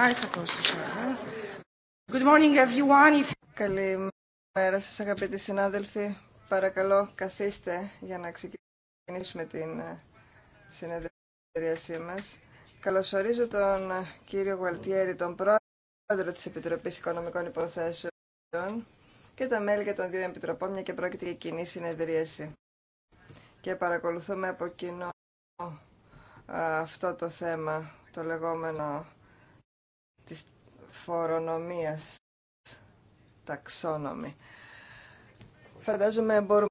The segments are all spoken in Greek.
Ε, ε. Good morning everyone. Καλημέρα σας αγαπητοί συνάδελφοι. Παρακαλώ καθίστε για να ξεκινήσουμε την ε, συνεδρίασή μας. Καλωσορίζω τον κύριο Γουαλτιέρη, τον πρόεδρο της Επιτροπής Οικονομικών Υποθέσεων και τα μέλη και τον δύο επιτροπών, μια και πρόκειται για κοινή συνεδρίαση. Και παρακολουθούμε από κοινό αυτό το θέμα, το λεγόμενο της φορονομίας ταξόνομη. Φαντάζομαι μπορούμε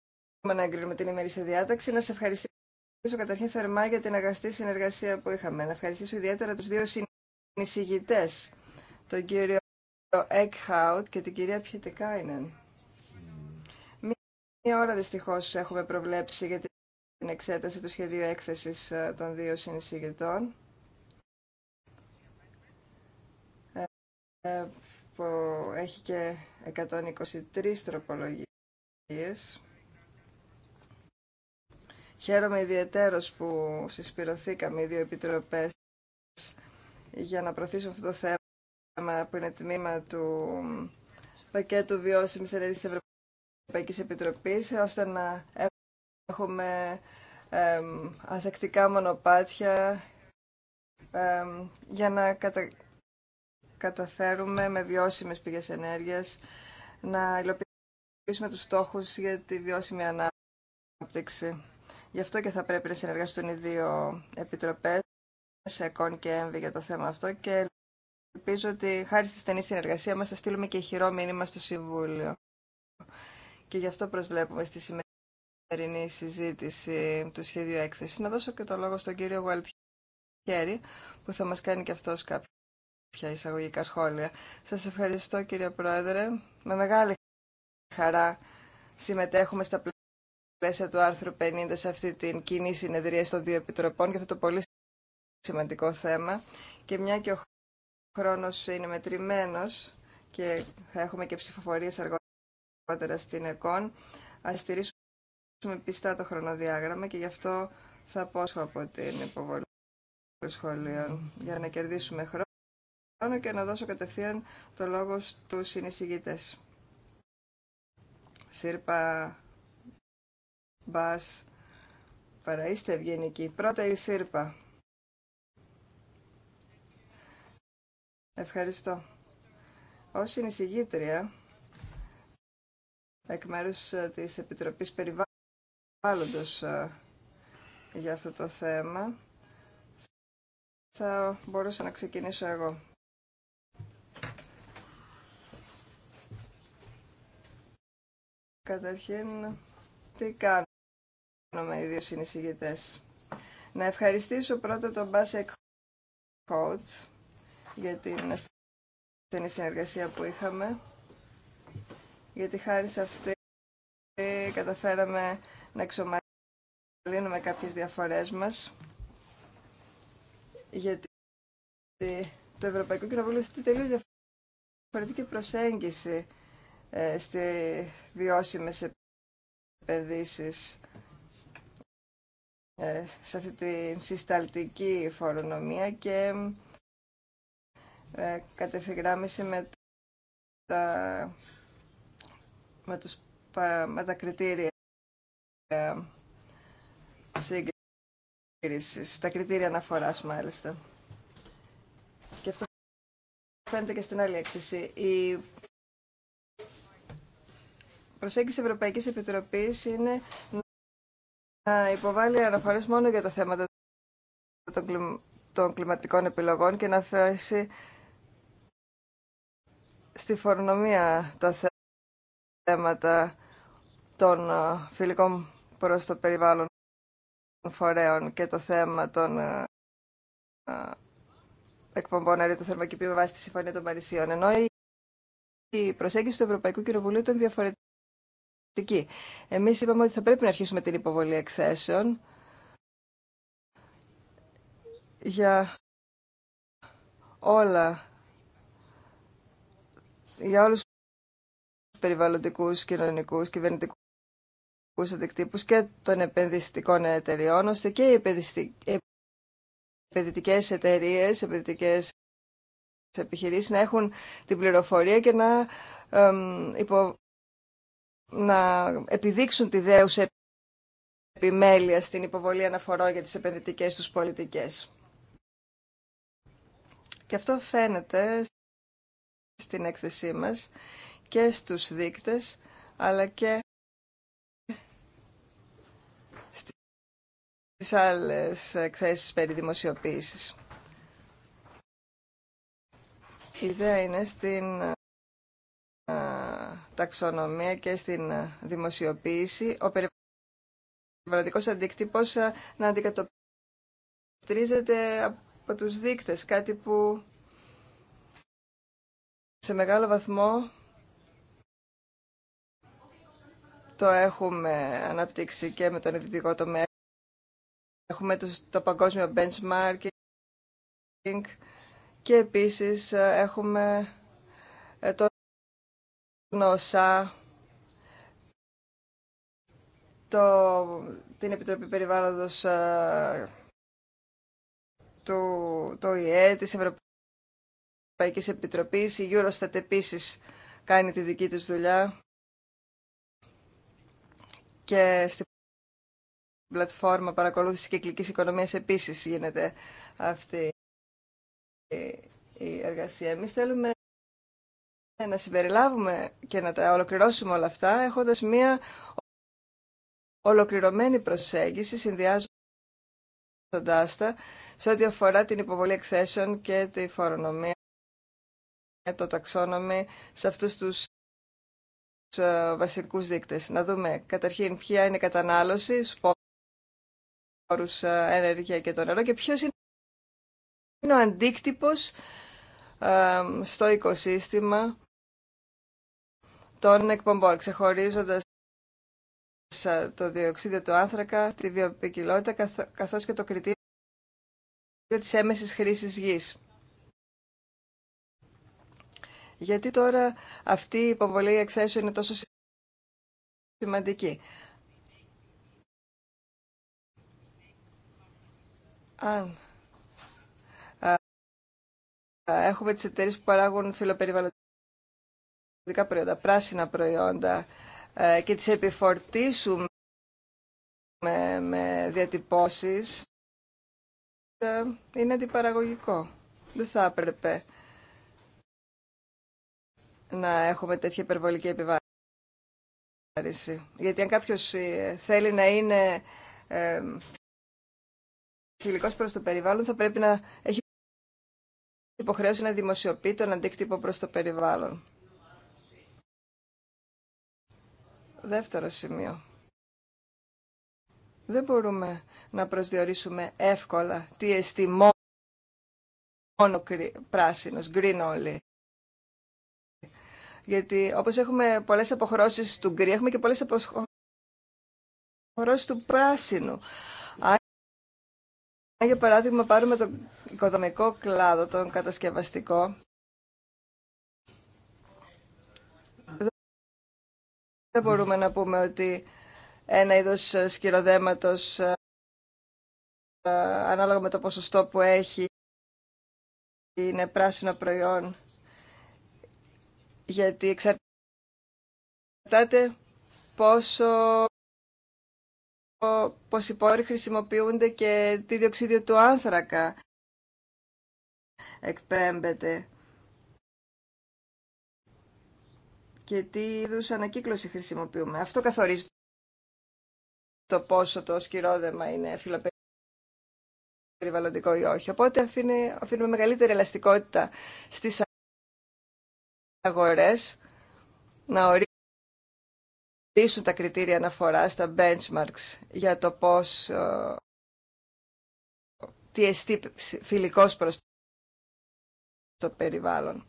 να εγκρίνουμε την σε διάταξη. Να σε ευχαριστήσω καταρχήν θερμά για την αγαστή συνεργασία που είχαμε. Να ευχαριστήσω ιδιαίτερα τους δύο συνεισηγητές, τον κύριο Eckhout και την κυρία Πιετικάινεν. Μία ώρα δυστυχώ έχουμε προβλέψει για την εξέταση του σχεδίου έκθεσης ε, των δύο συνεισηγητών. Ε, που έχει και 123 τροπολογίες. Χαίρομαι ιδιαίτερος που συσπηρωθήκαμε οι δύο επιτροπές για να προωθήσουμε αυτό το θέμα που είναι τμήμα του πακέτου βιώσιμης ενέργειας Ευρωπαϊκής Επιτροπής ώστε να έχουμε ε, αθεκτικά μονοπάτια για να κατα καταφέρουμε με βιώσιμες πηγές ενέργειας να υλοποιήσουμε τους στόχους για τη βιώσιμη ανάπτυξη. Γι' αυτό και θα πρέπει να συνεργαστούν οι δύο επιτροπές, ΕΚΟΝ και ΕΜΒΙ για το θέμα αυτό και ελπίζω ότι χάρη στη στενή συνεργασία μας θα στείλουμε και χειρό μήνυμα στο Συμβούλιο. Και γι' αυτό προσβλέπουμε στη σημερινή συζήτηση του σχέδιου έκθεση. Να δώσω και το λόγο στον κύριο Γουαλτιέρη που θα μας κάνει και αυτός κάποιο πια εισαγωγικά σχόλια. Σας ευχαριστώ κύριε Πρόεδρε. Με μεγάλη χαρά συμμετέχουμε στα πλαίσια του άρθρου 50 σε αυτή την κοινή συνεδρία των δύο επιτροπών για αυτό το πολύ σημαντικό θέμα. Και μια και ο χρόνος είναι μετρημένος και θα έχουμε και ψηφοφορίες αργότερα στην ΕΚΟΝ, ας στηρίσουμε πιστά το χρονοδιάγραμμα και γι' αυτό θα πω από την υποβολή σχολείων για να κερδίσουμε χρόνο χρόνο και να δώσω κατευθείαν το λόγο στους συνεισηγητές. Σύρπα, Μπάς, παραείστε ευγενικοί. Πρώτα η Σύρπα. Ευχαριστώ. Ως συνεισηγήτρια, εκ μέρους ε, της Επιτροπής Περιβάλλοντος ε, για αυτό το θέμα, θα μπορούσα να ξεκινήσω εγώ. Καταρχήν, τι κάνουμε οι δύο συνεισηγητές. Να ευχαριστήσω πρώτα τον Μπάσεκ Κότ για την ασθενή συνεργασία που είχαμε. Γιατί χάρη σε αυτή καταφέραμε να εξομαλύνουμε κάποιες διαφορές μας. Γιατί το Ευρωπαϊκό Κοινοβούλιο θέτει τελείως διαφορετική προσέγγιση ε, στι βιώσιμες επενδύσεις ε, σε αυτή τη συσταλτική φορονομία και ε, κατευθυγράμμιση με τα, με, με τα κριτήρια σύγκρισης, τα κριτήρια αναφοράς μάλιστα. Και αυτό φαίνεται και στην άλλη έκθεση. Η προσέγγιση Ευρωπαϊκής Επιτροπής είναι να υποβάλει αναφορές μόνο για τα θέματα των κλιματικών επιλογών και να αφήσει στη φορονομία τα θέματα των ε, φιλικών προς το περιβάλλον φορέων και το θέμα των ε, ε, εκπομπών αερίου του θερμοκηπίου με βάση τη Συμφωνία των Παρισιών. Ενώ η προσέγγιση του Ευρωπαϊκού Κοινοβουλίου ήταν διαφορετική Εμεί είπαμε ότι θα πρέπει να αρχίσουμε την υποβολή εκθέσεων για όλα, για όλους τους περιβαλλοντικούς, κοινωνικούς, κυβερνητικούς αντικτύπους και των επενδυστικών εταιριών, ώστε και οι επενδυτικές εταιρείες, επενδυτικές επιχειρήσεις να έχουν την πληροφορία και να υπο να επιδείξουν τη δέουσα επιμέλεια στην υποβολή αναφορών για τις επενδυτικές τους πολιτικές. Και αυτό φαίνεται στην έκθεσή μας και στους δείκτες, αλλά και στις άλλες εκθέσεις περί δημοσιοποίησης. Η ιδέα είναι στην ε, ταξονομία και στην ε, δημοσιοποίηση, ο περιβαλλοντικός αντίκτυπος ε, να αντικατοπτρίζεται από τους δείκτες, κάτι που σε μεγάλο βαθμό το έχουμε αναπτύξει και με τον ειδικό τομέα. Έχουμε το παγκόσμιο benchmarking και επίσης έχουμε το γνώσα το, την Επιτροπή Περιβάλλοντος ε, του το ΙΕ, της Ευρωπαϊκής Επιτροπής. Η Eurostat επίσης κάνει τη δική της δουλειά και στην πλατφόρμα παρακολούθηση κυκλικής οικονομίας επίσης γίνεται αυτή η εργασία. Εμείς θέλουμε ε, να συμπεριλάβουμε και να τα ολοκληρώσουμε όλα αυτά έχοντας μία ολοκληρωμένη προσέγγιση συνδυάζοντας τα σε ό,τι αφορά την υποβολή εκθέσεων και τη φορονομία, το ταξόνομι σε αυτούς τους ε, βασικούς δείκτες. Να δούμε καταρχήν ποια είναι η κατανάλωση, σπόρους, ε, ενέργεια και το νερό και ποιος είναι ο αντίκτυπος στο οικοσύστημα των εκπομπών, ξεχωρίζοντας το διοξίδιο του άνθρακα, τη βιοποικιλότητα, καθώς και το κριτήριο της έμεσης χρήσης γης. Γιατί τώρα αυτή η υποβολή εκθέσεων είναι τόσο σημαντική. Αν έχουμε τις εταιρείες που παράγουν φιλοπεριβαλλοντικά, προϊόντα, πράσινα προϊόντα ε, και τις επιφορτήσουμε με διατυπώσεις ε, είναι αντιπαραγωγικό. Δεν θα έπρεπε να έχουμε τέτοια υπερβολική επιβάρηση. Γιατί αν κάποιος ε, θέλει να είναι ε, φιλικός προς το περιβάλλον θα πρέπει να έχει υποχρέωση να δημοσιοποιεί τον αντίκτυπο προς το περιβάλλον. Δεύτερο σημείο. Δεν μπορούμε να προσδιορίσουμε εύκολα τι εστί μόνο πράσινος, green only. Γιατί όπως έχουμε πολλές αποχρώσεις του γκρι, έχουμε και πολλές αποχρώσεις του πράσινου. Αν για παράδειγμα πάρουμε τον οικοδομικό κλάδο, τον κατασκευαστικό, Δεν μπορούμε να πούμε ότι ένα είδος σκυροδέματος ε, ε, ανάλογα με το ποσοστό που έχει είναι πράσινο προϊόν γιατί εξαρτάται πόσο πως οι πόροι χρησιμοποιούνται και τι διοξίδιο του άνθρακα εκπέμπεται. και τι είδου ανακύκλωση χρησιμοποιούμε. Αυτό καθορίζει το πόσο το σκυρόδεμα είναι φιλοπεριβαλλοντικό ή όχι. Οπότε αφήνει, αφήνουμε μεγαλύτερη ελαστικότητα στις αγορές να ορίσουν τα κριτήρια αναφοράς, τα benchmarks για το πώς ε, τι εστί φιλικός προς το περιβάλλον.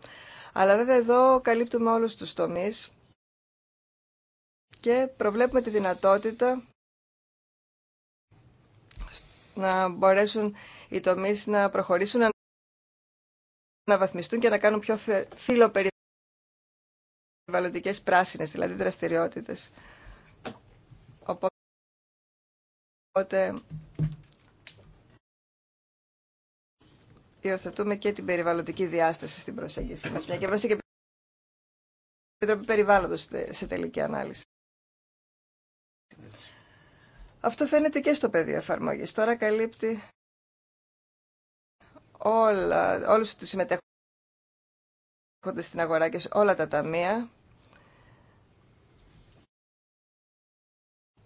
Αλλά βέβαια εδώ καλύπτουμε όλους τους τομείς και προβλέπουμε τη δυνατότητα να μπορέσουν οι τομείς να προχωρήσουν, να βαθμιστούν και να κάνουν πιο φιλοπεριβαλλοντικές πράσινες, δηλαδή δραστηριότητες. Οπότε υιοθετούμε και την περιβαλλοντική διάσταση στην προσέγγιση μας. Μια και είμαστε και Επιτροπή Περιβάλλοντος σε τελική ανάλυση. Αυτό φαίνεται και στο πεδίο εφαρμογή. Τώρα καλύπτει όλα, όλους τους συμμετέχοντες στην αγορά και όλα τα ταμεία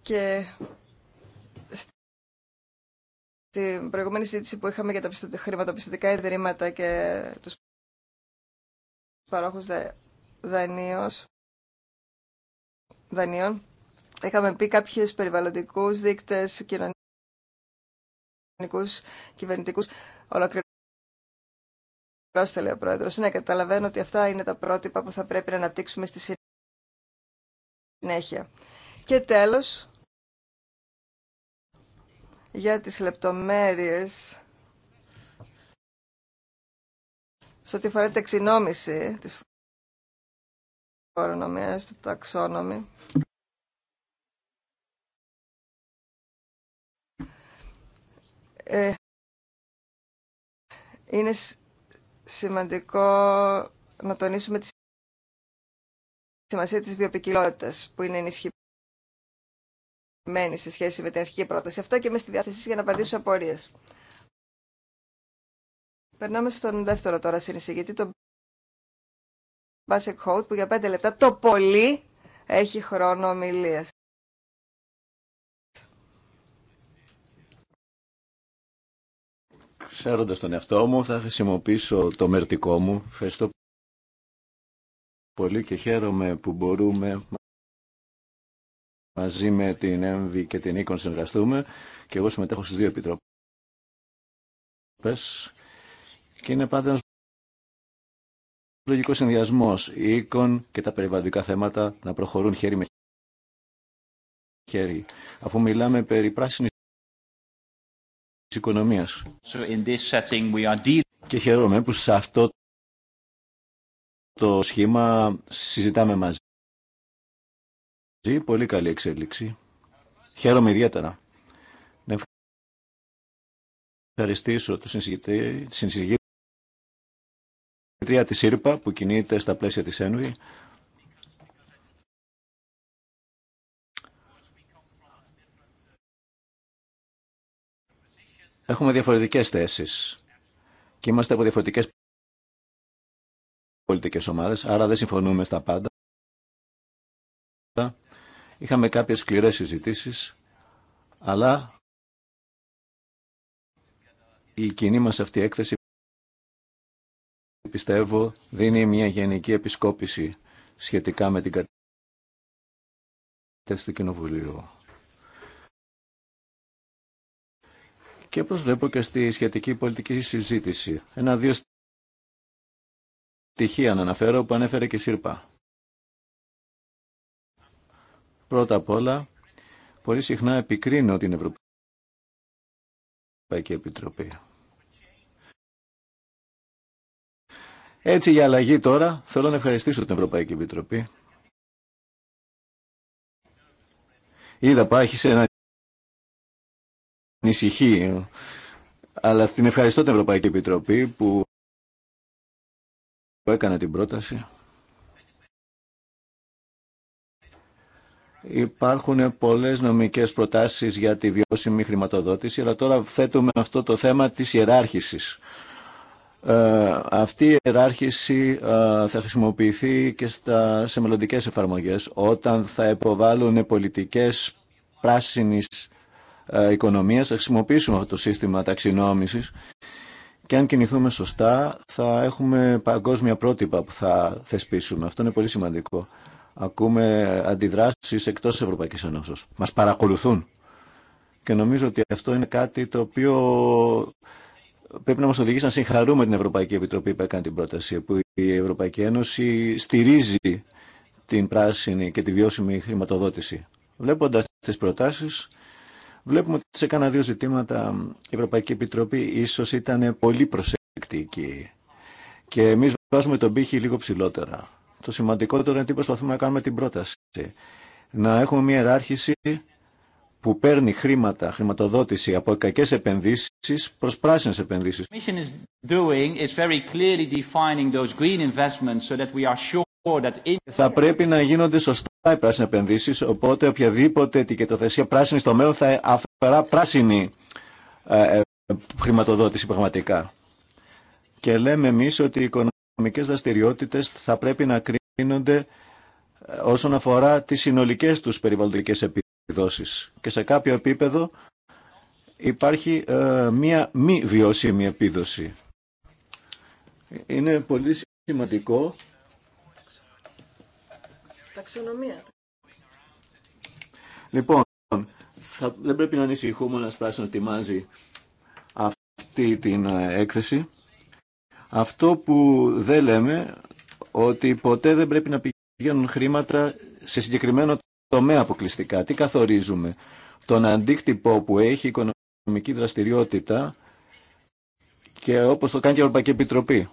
και την προηγούμενη συζήτηση που είχαμε για τα χρηματοπιστωτικά ιδρύματα και τους παρόχους δανείων, είχαμε πει κάποιους περιβαλλοντικούς δείκτες, κοινωνικούς, κυβερνητικούς, ολοκληρώστε λέει ο Πρόεδρος. Ναι, καταλαβαίνω ότι αυτά είναι τα πρότυπα που θα πρέπει να αναπτύξουμε στη συνέχεια. Και τέλος, για τις λεπτομέρειες σε ό,τι αφορά την ταξινόμηση της φορονομίας, του ταξόνομη. Ε, είναι σημαντικό να τονίσουμε τη σημασία της βιοπικιλότητας που είναι ενισχυμένη μένει σε σχέση με την αρχική πρόταση. Αυτό και είμαι στη διάθεσή για να απαντήσω σε απορίες. Περνάμε στον δεύτερο τώρα συνεισηγητή, τον Μπάσεκ Χόουτ, που για πέντε λεπτά το πολύ έχει χρόνο ομιλία. Ξέροντας τον εαυτό μου, θα χρησιμοποιήσω το μερτικό μου. Ευχαριστώ πολύ και χαίρομαι που μπορούμε μαζί με την ΕΜΒΗ και την ΕΚΟΝ συνεργαστούμε και εγώ συμμετέχω στις δύο επιτροπές και είναι πάντα ένας λογικός συνδυασμός η ΕΚΟΝ και τα περιβαλλοντικά θέματα να προχωρούν χέρι με χέρι αφού μιλάμε περί πράσινης οικονομίας. So in this setting we are και χαίρομαι που σε αυτό το σχήμα συζητάμε μαζί τι πολύ καλή εξέλιξη. Χαίρομαι ιδιαίτερα. Να ευχαριστήσω τους συνεισηγητή της ΣΥΡΠΑ που κινείται στα πλαίσια της ΕΝΒΗ. Έχουμε διαφορετικές θέσεις και είμαστε από διαφορετικές πολιτικές ομάδες, άρα δεν συμφωνούμε στα πάντα. Είχαμε κάποιες σκληρές συζητήσεις, αλλά η κοινή μας αυτή έκθεση πιστεύω δίνει μια γενική επισκόπηση σχετικά με την κατάσταση του Κοινοβουλίου. Και βλέπω και στη σχετική πολιτική συζήτηση. Ένα-δύο στοιχεία να αναφέρω που ανέφερε και η ΣΥΡΠΑ. Πρώτα απ' όλα, πολύ συχνά επικρίνω την Ευρωπαϊκή Επιτροπή. Έτσι για αλλαγή τώρα θέλω να ευχαριστήσω την Ευρωπαϊκή Επιτροπή. Είδα άρχισε να ανησυχεί, αλλά την ευχαριστώ την Ευρωπαϊκή Επιτροπή που έκανα την πρόταση. Υπάρχουν πολλές νομικές προτάσεις για τη βιώσιμη χρηματοδότηση, αλλά τώρα θέτουμε αυτό το θέμα της ιεράρχησης. Ε, αυτή η ιεράρχηση ε, θα χρησιμοποιηθεί και στα, σε μελλοντικέ εφαρμογές, όταν θα υποβάλουν πολιτικές πράσινης ε, οικονομίας, θα χρησιμοποιήσουμε αυτό το σύστημα ταξινόμησης και αν κινηθούμε σωστά θα έχουμε παγκόσμια πρότυπα που θα θεσπίσουμε. Αυτό είναι πολύ σημαντικό ακούμε αντιδράσεις εκτός Ευρωπαϊκής Ένωσης. Μας παρακολουθούν. Και νομίζω ότι αυτό είναι κάτι το οποίο πρέπει να μας οδηγήσει να συγχαρούμε την Ευρωπαϊκή Επιτροπή που έκανε την πρόταση, που η Ευρωπαϊκή Ένωση στηρίζει την πράσινη και τη βιώσιμη χρηματοδότηση. Βλέποντας τις προτάσεις, βλέπουμε ότι σε κάνα δύο ζητήματα η Ευρωπαϊκή Επιτροπή ίσως ήταν πολύ προσεκτική. Και εμείς βάζουμε τον πύχη λίγο ψηλότερα. Το σημαντικότερο είναι τι προσπαθούμε να κάνουμε την πρόταση. Να έχουμε μια ιεράρχηση που παίρνει χρήματα, χρηματοδότηση από κακές επενδύσεις προς πράσινες επενδύσεις. Θα πρέπει να γίνονται σωστά οι πράσινες επενδύσεις, οπότε οποιαδήποτε ετικετοθεσία πράσινη στο μέλλον θα αφαιρά πράσινη ε, ε, χρηματοδότηση πραγματικά. Και λέμε εμείς ότι η οικονομία οικονομικέ δραστηριότητε θα πρέπει να κρίνονται ε, όσον αφορά τις συνολικές τους περιβαλλοντικές επιδόσεις. Και σε κάποιο επίπεδο υπάρχει ε, μία μη βιώσιμη επίδοση. Είναι πολύ σημαντικό. Ταξινομία. Λοιπόν, θα, δεν πρέπει να ανησυχούμε να σπράσουν τη αυτή την ε, έκθεση. Αυτό που δεν λέμε ότι ποτέ δεν πρέπει να πηγαίνουν χρήματα σε συγκεκριμένο τομέα αποκλειστικά. Τι καθορίζουμε. Τον αντίκτυπο που έχει η οικονομική δραστηριότητα και όπως το κάνει και η Ευρωπαϊκή Επιτροπή.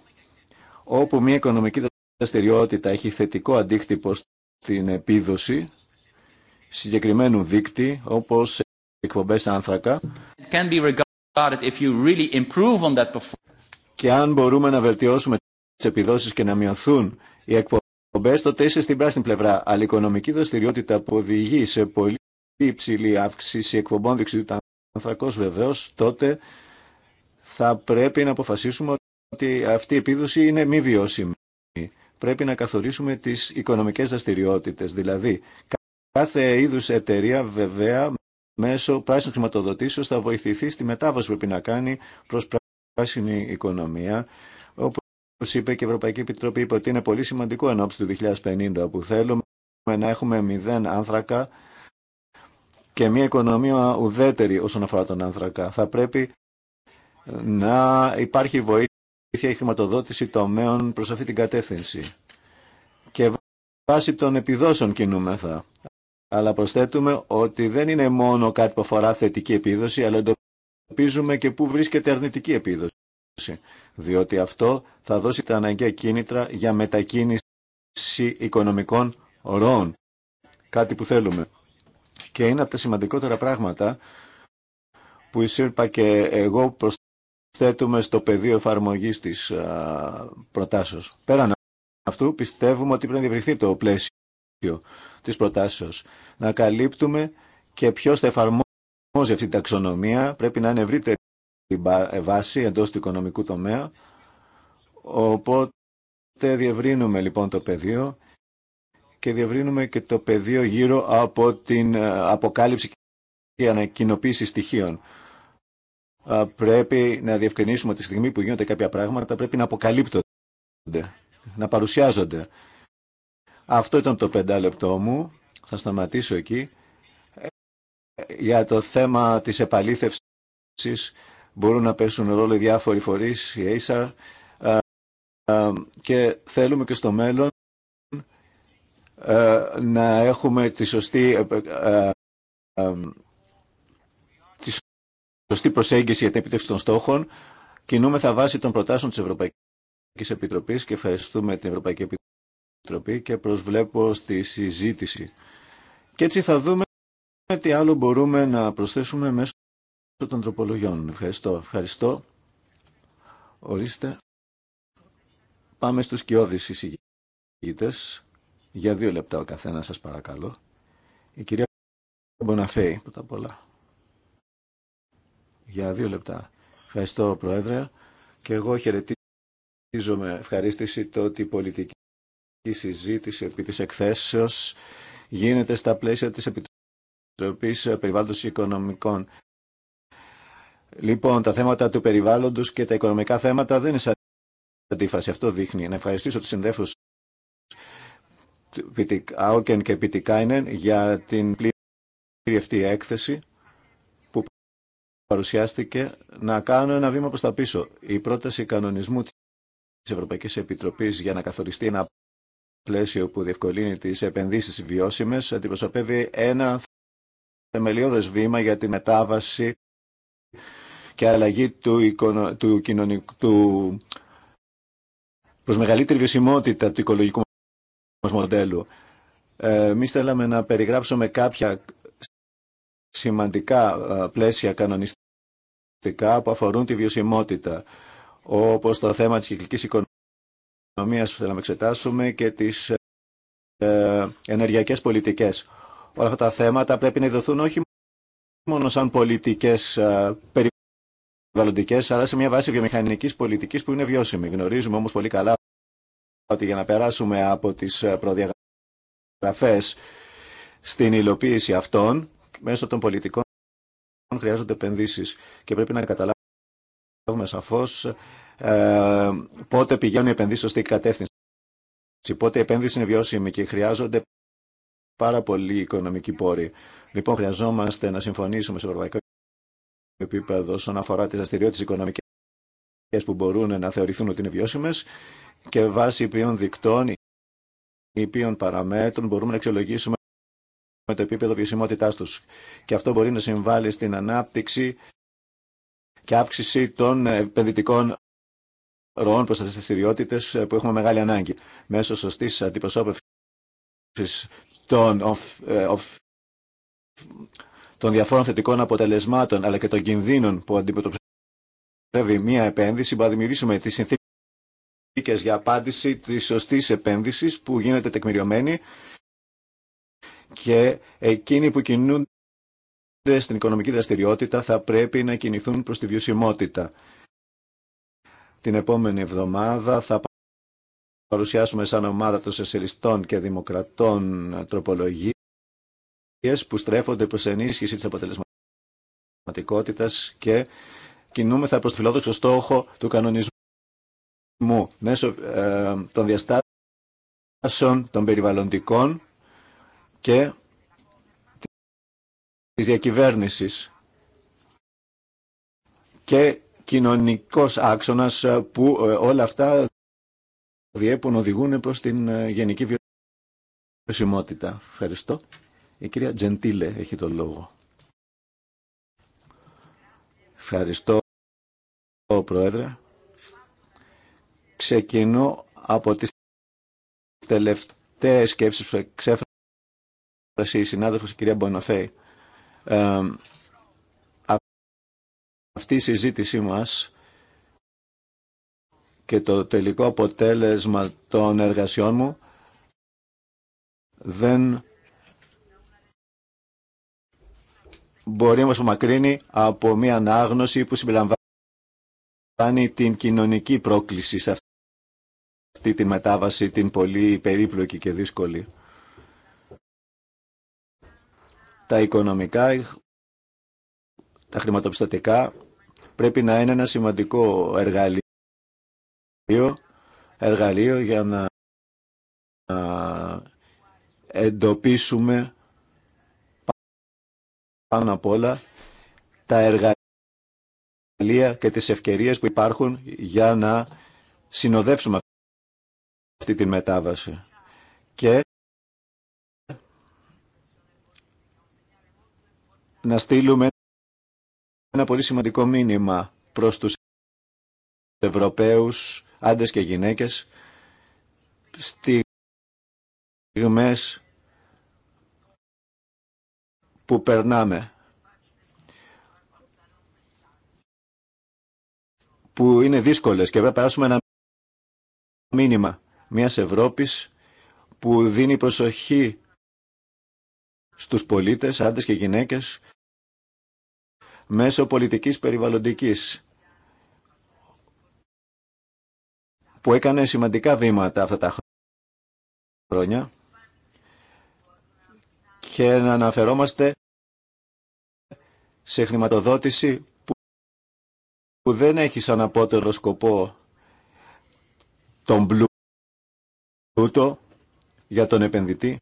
Όπου μια οικονομική δραστηριότητα έχει θετικό αντίκτυπο στην επίδοση συγκεκριμένου δίκτυ όπως εκπομπές άνθρακα. Can be και αν μπορούμε να βελτιώσουμε τις επιδόσεις και να μειωθούν οι εκπομπές, τότε είσαι στην πράσινη πλευρά. Αλλά η οικονομική δραστηριότητα που οδηγεί σε πολύ υψηλή αύξηση εκπομπών διεξουδίου του ανθρακός βεβαίως, τότε θα πρέπει να αποφασίσουμε ότι αυτή η επίδοση είναι μη βιώσιμη. Πρέπει να καθορίσουμε τις οικονομικές δραστηριότητε. Δηλαδή, κάθε είδους εταιρεία βεβαία μέσω πράσινων χρηματοδοτήσεως θα βοηθηθεί στη μετάβαση που πρέπει να κάνει προς πράσινη οικονομία, όπω είπε και η Ευρωπαϊκή Επιτροπή, είπε ότι είναι πολύ σημαντικό ώψη του 2050, όπου θέλουμε να έχουμε μηδέν άνθρακα και μια οικονομία ουδέτερη όσον αφορά τον άνθρακα. Θα πρέπει να υπάρχει βοήθεια η χρηματοδότηση τομέων προς αυτή την κατεύθυνση. Και βάσει των επιδόσεων κινούμεθα. Αλλά προσθέτουμε ότι δεν είναι μόνο κάτι που αφορά θετική επίδοση, αλλά ελπίζουμε και πού βρίσκεται αρνητική επίδοση. Διότι αυτό θα δώσει τα αναγκαία κίνητρα για μετακίνηση οικονομικών ροών. Κάτι που θέλουμε. Και είναι από τα σημαντικότερα πράγματα που η ΣΥΡΠΑ και εγώ προσθέτουμε στο πεδίο εφαρμογής της προτάσεως. Πέραν αυτού πιστεύουμε ότι πρέπει να διευρυνθεί το πλαίσιο της προτάσεως. Να καλύπτουμε και ποιος θα εφαρμόσει όμως, αυτή η ταξονομία, πρέπει να είναι ευρύτερη ε, βάση εντός του οικονομικού τομέα. Οπότε διευρύνουμε λοιπόν το πεδίο και διευρύνουμε και το πεδίο γύρω από την ε, αποκάλυψη και ανακοινοποίηση στοιχείων. Πρέπει να διευκρινίσουμε τη στιγμή που γίνονται κάποια πράγματα, πρέπει να αποκαλύπτονται, να παρουσιάζονται. Αυτό ήταν το πεντάλεπτό μου. Θα σταματήσω εκεί για το θέμα της επαλήθευσης μπορούν να πέσουν ρόλο οι διάφοροι φορείς, η ASA ε, και θέλουμε και στο μέλλον ε, να έχουμε τη σωστή, ε, τη σωστή προσέγγιση για την επιτεύξη των στόχων. Κινούμεθα βάσει των προτάσεων της Ευρωπαϊκής Επιτροπής και ευχαριστούμε την Ευρωπαϊκή Επιτροπή και προσβλέπω στη συζήτηση. Και έτσι θα δούμε τι άλλο μπορούμε να προσθέσουμε μέσω των τροπολογιών. Ευχαριστώ. Ευχαριστώ. Ορίστε. Πάμε στους κοιόδης εισηγητές. Για δύο λεπτά ο καθένα σας παρακαλώ. Η κυρία Μποναφέη, πρώτα απ' όλα. Για δύο λεπτά. Ευχαριστώ, Πρόεδρε. Και εγώ χαιρετίζω με ευχαρίστηση το ότι η πολιτική συζήτηση επί της εκθέσεως γίνεται στα πλαίσια της Επιτροπής Επιτροπής Περιβάλλοντος και Οικονομικών. Λοιπόν, τα θέματα του περιβάλλοντος και τα οικονομικά θέματα δεν είναι σαν αντίφαση. Αυτό δείχνει. Να ευχαριστήσω τους συνδέφους Άοκεν και Πιτικάινεν για την πλήρη αυτή έκθεση που παρουσιάστηκε να κάνω ένα βήμα προς τα πίσω. Η πρόταση κανονισμού της Ευρωπαϊκής Επιτροπής για να καθοριστεί ένα πλαίσιο που διευκολύνει τις επενδύσεις βιώσιμες αντιπροσωπεύει ένα θεμελιώδες βήμα για τη μετάβαση και αλλαγή του, οικονο... προς μεγαλύτερη βιωσιμότητα του οικολογικού μοντέλου. Ε, Εμεί θέλαμε να περιγράψουμε κάποια σημαντικά ε, πλαίσια κανονιστικά που αφορούν τη βιωσιμότητα, όπως το θέμα της κυκλικής οικονομίας που θέλαμε να εξετάσουμε και τις ε, ενεργειακές πολιτικές. Όλα αυτά τα θέματα πρέπει να ειδωθούν όχι μόνο σαν πολιτικές ε, περιβαλλοντικές, αλλά σε μια βάση βιομηχανικής πολιτικής που είναι βιώσιμη. Γνωρίζουμε όμως πολύ καλά ότι για να περάσουμε από τις ε, προδιαγραφές στην υλοποίηση αυτών, μέσω των πολιτικών χρειάζονται επενδύσεις και πρέπει να καταλάβουμε σαφώς ε, πότε πηγαίνουν οι επενδύσεις σωστή κατεύθυνση. Πότε η επένδυση είναι βιώσιμη και χρειάζονται πάρα πολλοί οικονομικοί πόροι. Λοιπόν, χρειαζόμαστε να συμφωνήσουμε σε ευρωπαϊκό επίπεδο όσον αφορά τι δραστηριότητε οικονομικέ που μπορούν να θεωρηθούν ότι είναι βιώσιμε και βάσει ποιων δικτών ή ποιων παραμέτρων μπορούμε να αξιολογήσουμε με το επίπεδο βιωσιμότητά του. Και αυτό μπορεί να συμβάλλει στην ανάπτυξη και αύξηση των επενδυτικών ροών προ τι δραστηριότητε που έχουμε μεγάλη ανάγκη. Μέσω σωστή αντιπροσώπευση των, ε, των διαφόρων θετικών αποτελεσμάτων αλλά και των κινδύνων που αντιμετωπίζει μία επένδυση, που θα δημιουργήσουμε τις συνθήκες για απάντηση τη σωστή επένδυση που γίνεται τεκμηριωμένη και εκείνοι που κινούνται στην οικονομική δραστηριότητα θα πρέπει να κινηθούν προς τη βιωσιμότητα. Την επόμενη εβδομάδα θα παρουσιάσουμε σαν ομάδα των σοσιαλιστών και δημοκρατών τροπολογίες που στρέφονται προς ενίσχυση της αποτελεσματικότητας και κινούμεθα προς το φιλόδοξο στόχο του κανονισμού μέσω ε, των διαστάσεων των περιβαλλοντικών και της διακυβέρνησης και κοινωνικός άξονας ε, που ε, όλα αυτά διέπουν οδηγούν προς την ε, γενική βιωσιμότητα. Ευχαριστώ. Η κυρία Τζεντίλε έχει τον λόγο. Ευχαριστώ, Πρόεδρε. Ξεκινώ από τις τελευταίες σκέψεις που εξέφρασε η συνάδελφος η κυρία Μποναφέη. Ε, αυτή η συζήτησή μας και το τελικό αποτέλεσμα των εργασιών μου δεν μπορεί να μακρύνει από μια ανάγνωση που συμπεριλαμβάνει την κοινωνική πρόκληση σε αυτή τη μετάβαση, την πολύ περίπλοκη και δύσκολη. Τα οικονομικά, τα χρηματοπιστωτικά πρέπει να είναι ένα σημαντικό εργαλείο εργαλείο για να εντοπίσουμε πάνω απ' όλα τα εργαλεία και τις ευκαιρίες που υπάρχουν για να συνοδεύσουμε αυτή τη μετάβαση. Και να στείλουμε ένα πολύ σημαντικό μήνυμα προς τους Ευρωπαίους άντρες και γυναίκες, στιγμές που περνάμε, που είναι δύσκολες και πρέπει να περάσουμε ένα μήνυμα μιας Ευρώπης που δίνει προσοχή στους πολίτες, άντρες και γυναίκες, μέσω πολιτικής περιβαλλοντικής που έκανε σημαντικά βήματα αυτά τα χρόνια και να αναφερόμαστε σε χρηματοδότηση που δεν έχει σαν απότερο σκοπό τον πλούτο για τον επενδυτή,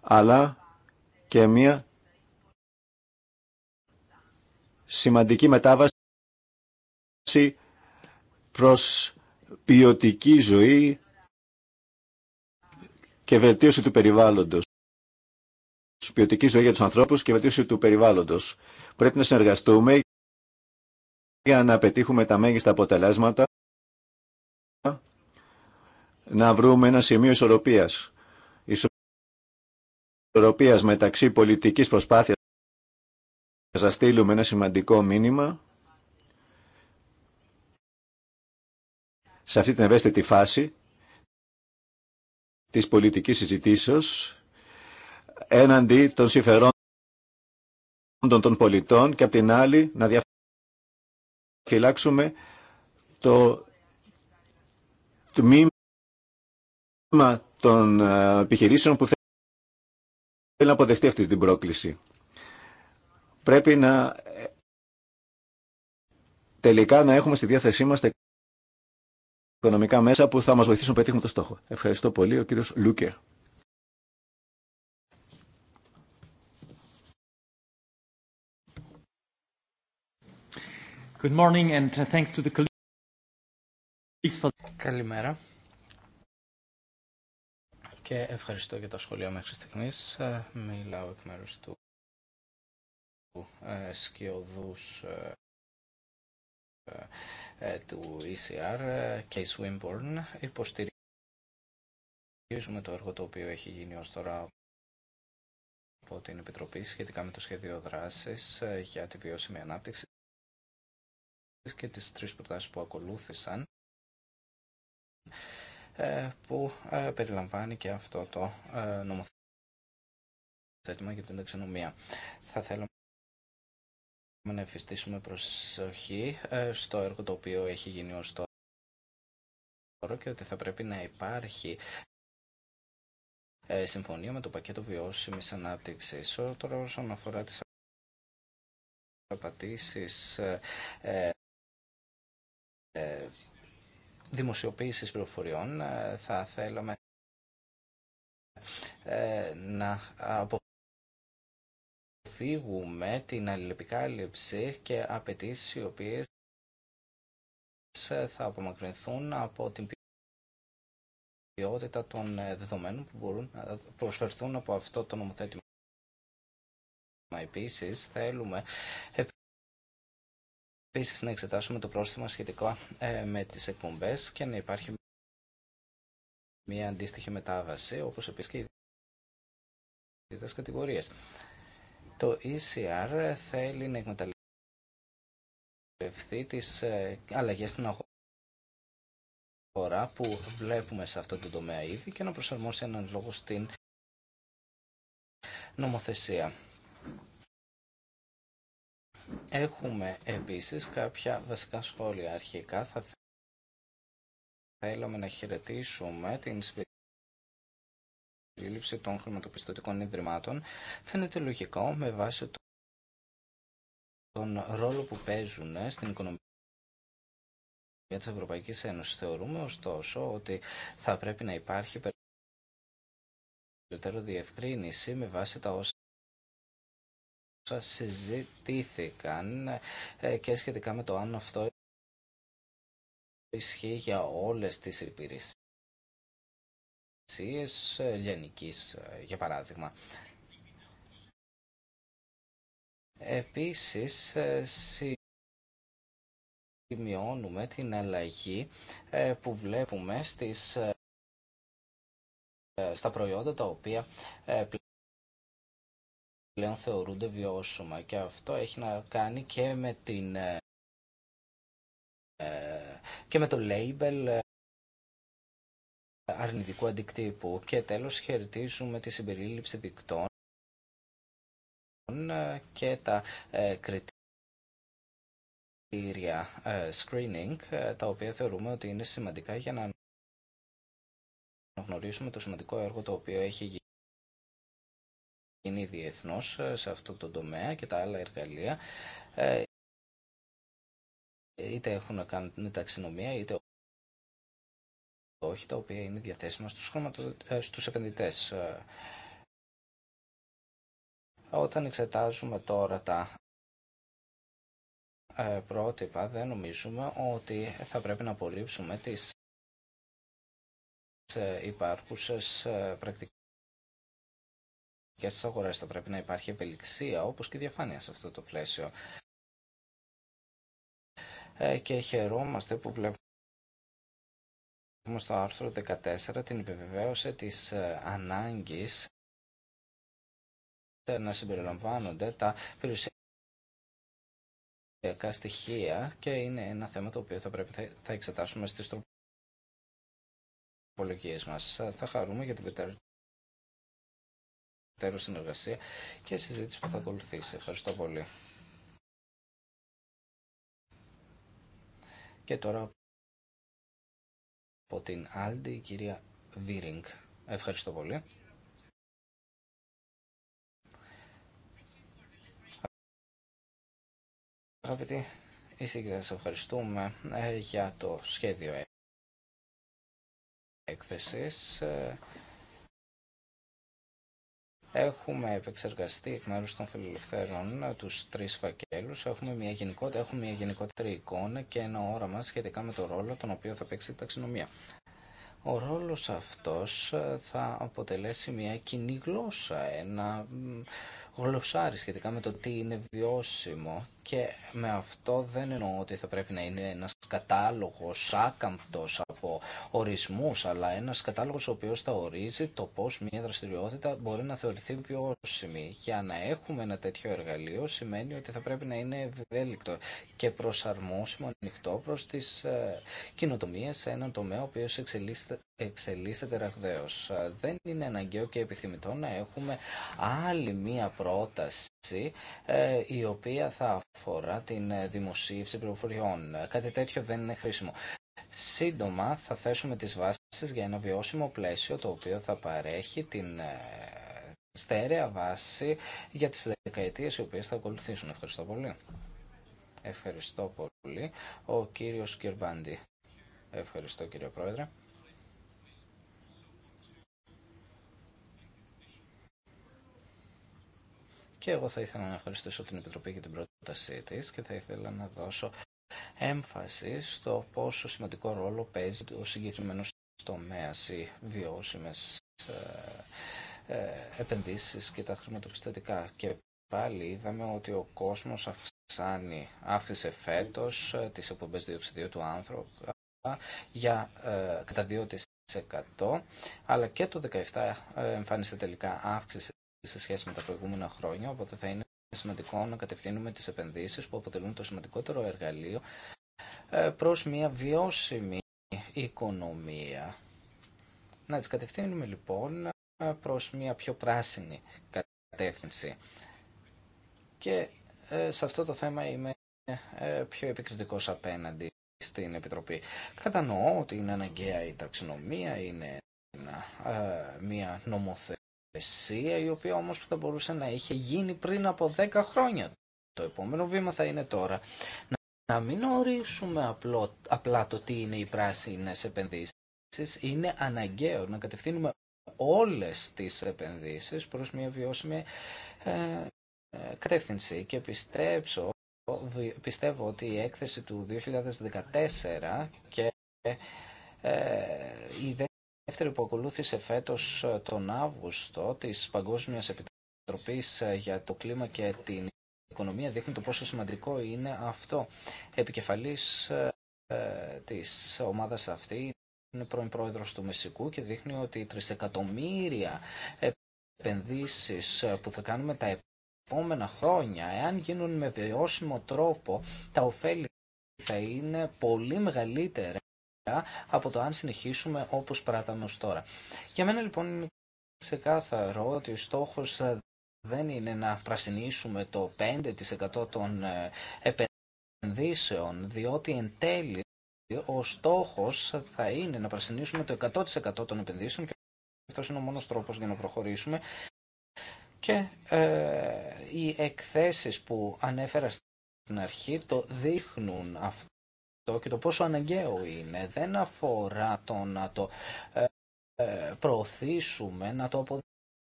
αλλά και μία σημαντική μετάβαση προς ποιοτική ζωή και βελτίωση του περιβάλλοντος. Ποιοτική ζωή για τους ανθρώπους και βελτίωση του περιβάλλοντος. Πρέπει να συνεργαστούμε για να πετύχουμε τα μέγιστα αποτελέσματα, να βρούμε ένα σημείο ισορροπίας. Ισορροπίας μεταξύ πολιτικής προσπάθειας να στείλουμε ένα σημαντικό μήνυμα σε αυτή την ευαίσθητη φάση της πολιτικής συζητήσεως έναντι των συμφερόντων των πολιτών και απ' την άλλη να διαφυλάξουμε το τμήμα των ε, επιχειρήσεων που θέλει να αποδεχτεί αυτή την πρόκληση. Πρέπει να ε, τελικά να έχουμε στη διάθεσή μας οικονομικά μέσα που θα μας βοηθήσουν να πετύχουμε το στόχο. Ευχαριστώ πολύ, ο κύριος Λούκε. Good morning and uh, thanks to the colleagues for... Καλημέρα. Και ευχαριστώ για τα σχόλια μέχρι στιγμής. Ε, μιλάω εκ μέρους του ε, σκιωδού ε, ε, ε, του ECR ε, και η Swinburne υποστηρίζουμε το έργο το οποίο έχει γίνει ως τώρα από την Επιτροπή σχετικά με το σχέδιο δράσης για τη βιώσιμη ανάπτυξη και τις τρεις προτάσεις που ακολούθησαν που περιλαμβάνει και αυτό το νομοθέτημα για την ταξινομία. Θα θέλαμε να εφιστήσουμε προσοχή ε, στο έργο το οποίο έχει γίνει ως τώρα και ότι θα πρέπει να υπάρχει ε, συμφωνία με το πακέτο βιώσιμης ανάπτυξης. Τώρα όσον αφορά τις απατήσεις ε, ε, ε, δημοσιοποίησης πληροφοριών θα θέλαμε να αποφύγουμε την αλληλεπικάλυψη και απαιτήσει οι οποίε θα απομακρυνθούν από την ποιότητα των δεδομένων που μπορούν να προσφερθούν από αυτό το νομοθέτημα. Επίση, θέλουμε επίσης να εξετάσουμε το πρόστιμα σχετικά με τις εκπομπές και να υπάρχει μια αντίστοιχη μετάβαση, όπως επίσης και οι δύο κατηγορίες. Το ECR θέλει να εκμεταλλευτεί τις ε, αλλαγές στην αγορά που βλέπουμε σε αυτό το τομέα ήδη και να προσαρμόσει έναν λόγο στην νομοθεσία. Έχουμε επίσης κάποια βασικά σχόλια αρχικά. Θα θέλαμε να χαιρετήσουμε την λήψη των χρηματοπιστωτικών ιδρυμάτων φαίνεται λογικό με βάση τον ρόλο που παίζουν ε, στην οικονομία της Ευρωπαϊκής Ένωσης. Θεωρούμε ωστόσο ότι θα πρέπει να υπάρχει περισσότερο διευκρίνηση με βάση τα όσα συζητήθηκαν ε, και σχετικά με το αν αυτό ισχύει για όλες τις υπηρεσίες Επίση, ε, ε, για παράδειγμα. Επίσης, ε, σημειώνουμε την αλλαγή που βλέπουμε στις, στα προϊόντα τα οποία πλέον θεωρούνται βιώσιμα και αυτό έχει να κάνει και με, την, και με το label αρνητικού αντικτύπου. Και τέλος χαιρετίζουμε τη συμπερίληψη δικτών ε, και τα ε, κριτήρια ε, screening, τα οποία θεωρούμε ότι είναι σημαντικά για να γνωρίσουμε το σημαντικό έργο το οποίο έχει γίνει διεθνώς σε αυτό το τομέα και τα άλλα εργαλεία είτε έχουν κάνει ταξινομία είτε όχι τα οποία είναι διαθέσιμα στους, χρωματο... Ε, στους επενδυτές. Ε, όταν εξετάζουμε τώρα τα ε, πρότυπα δεν νομίζουμε ότι θα πρέπει να απορρίψουμε τις υπάρχουσες πρακτικές στις αγορές. Θα πρέπει να υπάρχει ευελιξία όπως και διαφάνεια σε αυτό το πλαίσιο. Και χαιρόμαστε που βλέπουμε όμως το άρθρο 14 την επιβεβαίωσε της ε, ανάγκης ε, να συμπεριλαμβάνονται τα περιουσιακά στοιχεία και είναι ένα θέμα το οποίο θα πρέπει θα εξετάσουμε στις τροπολογίες μας. Ε, θα χαρούμε για την περαιτέρω συνεργασία και συζήτηση που θα ακολουθήσει. Ευχαριστώ πολύ. Και τώρα από την Άλντι η κυρία Βίρινγκ. Ευχαριστώ πολύ. Αγαπητοί εισηγητές, σας ευχαριστούμε ε, για το σχέδιο έκθεσης. Ε, Έχουμε επεξεργαστεί εκ μέρου των φιλελευθέρων ε, τους τρεις φακέλους, έχουμε μια, έχουμε γενικότερη εικόνα και ένα όραμα σχετικά με το ρόλο τον οποίο θα παίξει η ταξινομία. Ο ρόλος αυτός ε, θα αποτελέσει μια κοινή γλώσσα, ένα γλωσσάρι σχετικά με το τι είναι βιώσιμο και με αυτό δεν εννοώ ότι θα πρέπει να είναι ένας κατάλογος άκαμπτος από ορισμούς, αλλά ένας κατάλογος ο οποίος θα ορίζει το πώς μια δραστηριότητα μπορεί να θεωρηθεί βιώσιμη. Για να έχουμε ένα τέτοιο εργαλείο σημαίνει ότι θα πρέπει να είναι ευέλικτο και προσαρμόσιμο ανοιχτό προς τις ε, κοινοτομίες σε έναν τομέα ο οποίος εξελίσσεται, εξελίσσεται ραγδαίως. Ε, δεν είναι αναγκαίο και επιθυμητό να έχουμε άλλη μία πρόταση ε, η οποία θα αφορά την ε, δημοσίευση πληροφοριών. Κάτι τέτοιο δεν είναι χρήσιμο. Σύντομα θα θέσουμε τις βάσεις για ένα βιώσιμο πλαίσιο το οποίο θα παρέχει την ε, στέρεα βάση για τις δεκαετίες οι οποίες θα ακολουθήσουν. Ευχαριστώ πολύ. Ευχαριστώ πολύ. Ο κύριος Κυρμπάντη. Ευχαριστώ κύριε Πρόεδρε. Και εγώ θα ήθελα να ευχαριστήσω την Επιτροπή για την πρότασή τη και θα ήθελα να δώσω έμφαση στο πόσο σημαντικό ρόλο παίζει ο συγκεκριμένο τομέα οι βιώσιμε ε, επενδύσει και τα χρηματοπιστωτικά. Και πάλι είδαμε ότι ο κόσμο αυξάνει, αύξησε φέτο τι ε, τις εκπομπές διοξιδίου του άνθρωπου για ε, κατά 2% αλλά και το 17 εμφάνισε τελικά αύξηση σε σχέση με τα προηγούμενα χρόνια, οπότε θα είναι σημαντικό να κατευθύνουμε τις επενδύσεις που αποτελούν το σημαντικότερο εργαλείο ε, προς μια βιώσιμη οικονομία. Να τις κατευθύνουμε λοιπόν ε, προς μια πιο πράσινη κατεύθυνση. Και ε, σε αυτό το θέμα είμαι πιο επικριτικός απέναντι στην Επιτροπή. Κατανοώ ότι είναι αναγκαία η ταξινομία, είναι μια νομοθεσία η οποία όμως θα μπορούσε να είχε γίνει πριν από 10 χρόνια. Το επόμενο βήμα θα είναι τώρα να μην ορίσουμε απλά το τι είναι οι πράσινες επενδύσεις. Είναι αναγκαίο να κατευθύνουμε όλες τις επενδύσεις προς μια βιώσιμη ε, κατεύθυνση και πιστεύω ότι η έκθεση του 2014 και ε, η δεύτερη που ακολούθησε φέτος ε, τον Αύγουστο της Παγκόσμιας Επιτροπής ε, για το κλίμα και την οικονομία δείχνει το πόσο σημαντικό είναι αυτό. Επικεφαλής ε, της ομάδας αυτή είναι πρώην πρόεδρος του Μεσικού και δείχνει ότι τρισεκατομμύρια επενδύσεις που θα κάνουμε τα επόμενα χρόνια, εάν γίνουν με βιώσιμο τρόπο, τα ωφέλη θα είναι πολύ μεγαλύτερα από το αν συνεχίσουμε όπως πράταμε ως τώρα. Για μένα λοιπόν είναι ξεκάθαρο ότι ο στόχος δεν είναι να πρασινίσουμε το 5% των ε, επενδύσεων, διότι εν τέλει ο στόχος θα είναι να πρασινίσουμε το 100% των επενδύσεων και αυτός είναι ο μόνος τρόπος για να προχωρήσουμε. Και ε, οι εκθέσεις που ανέφερα στην αρχή το δείχνουν αυτό και το πόσο αναγκαίο είναι δεν αφορά το να το ε, ε, προωθήσουμε, να το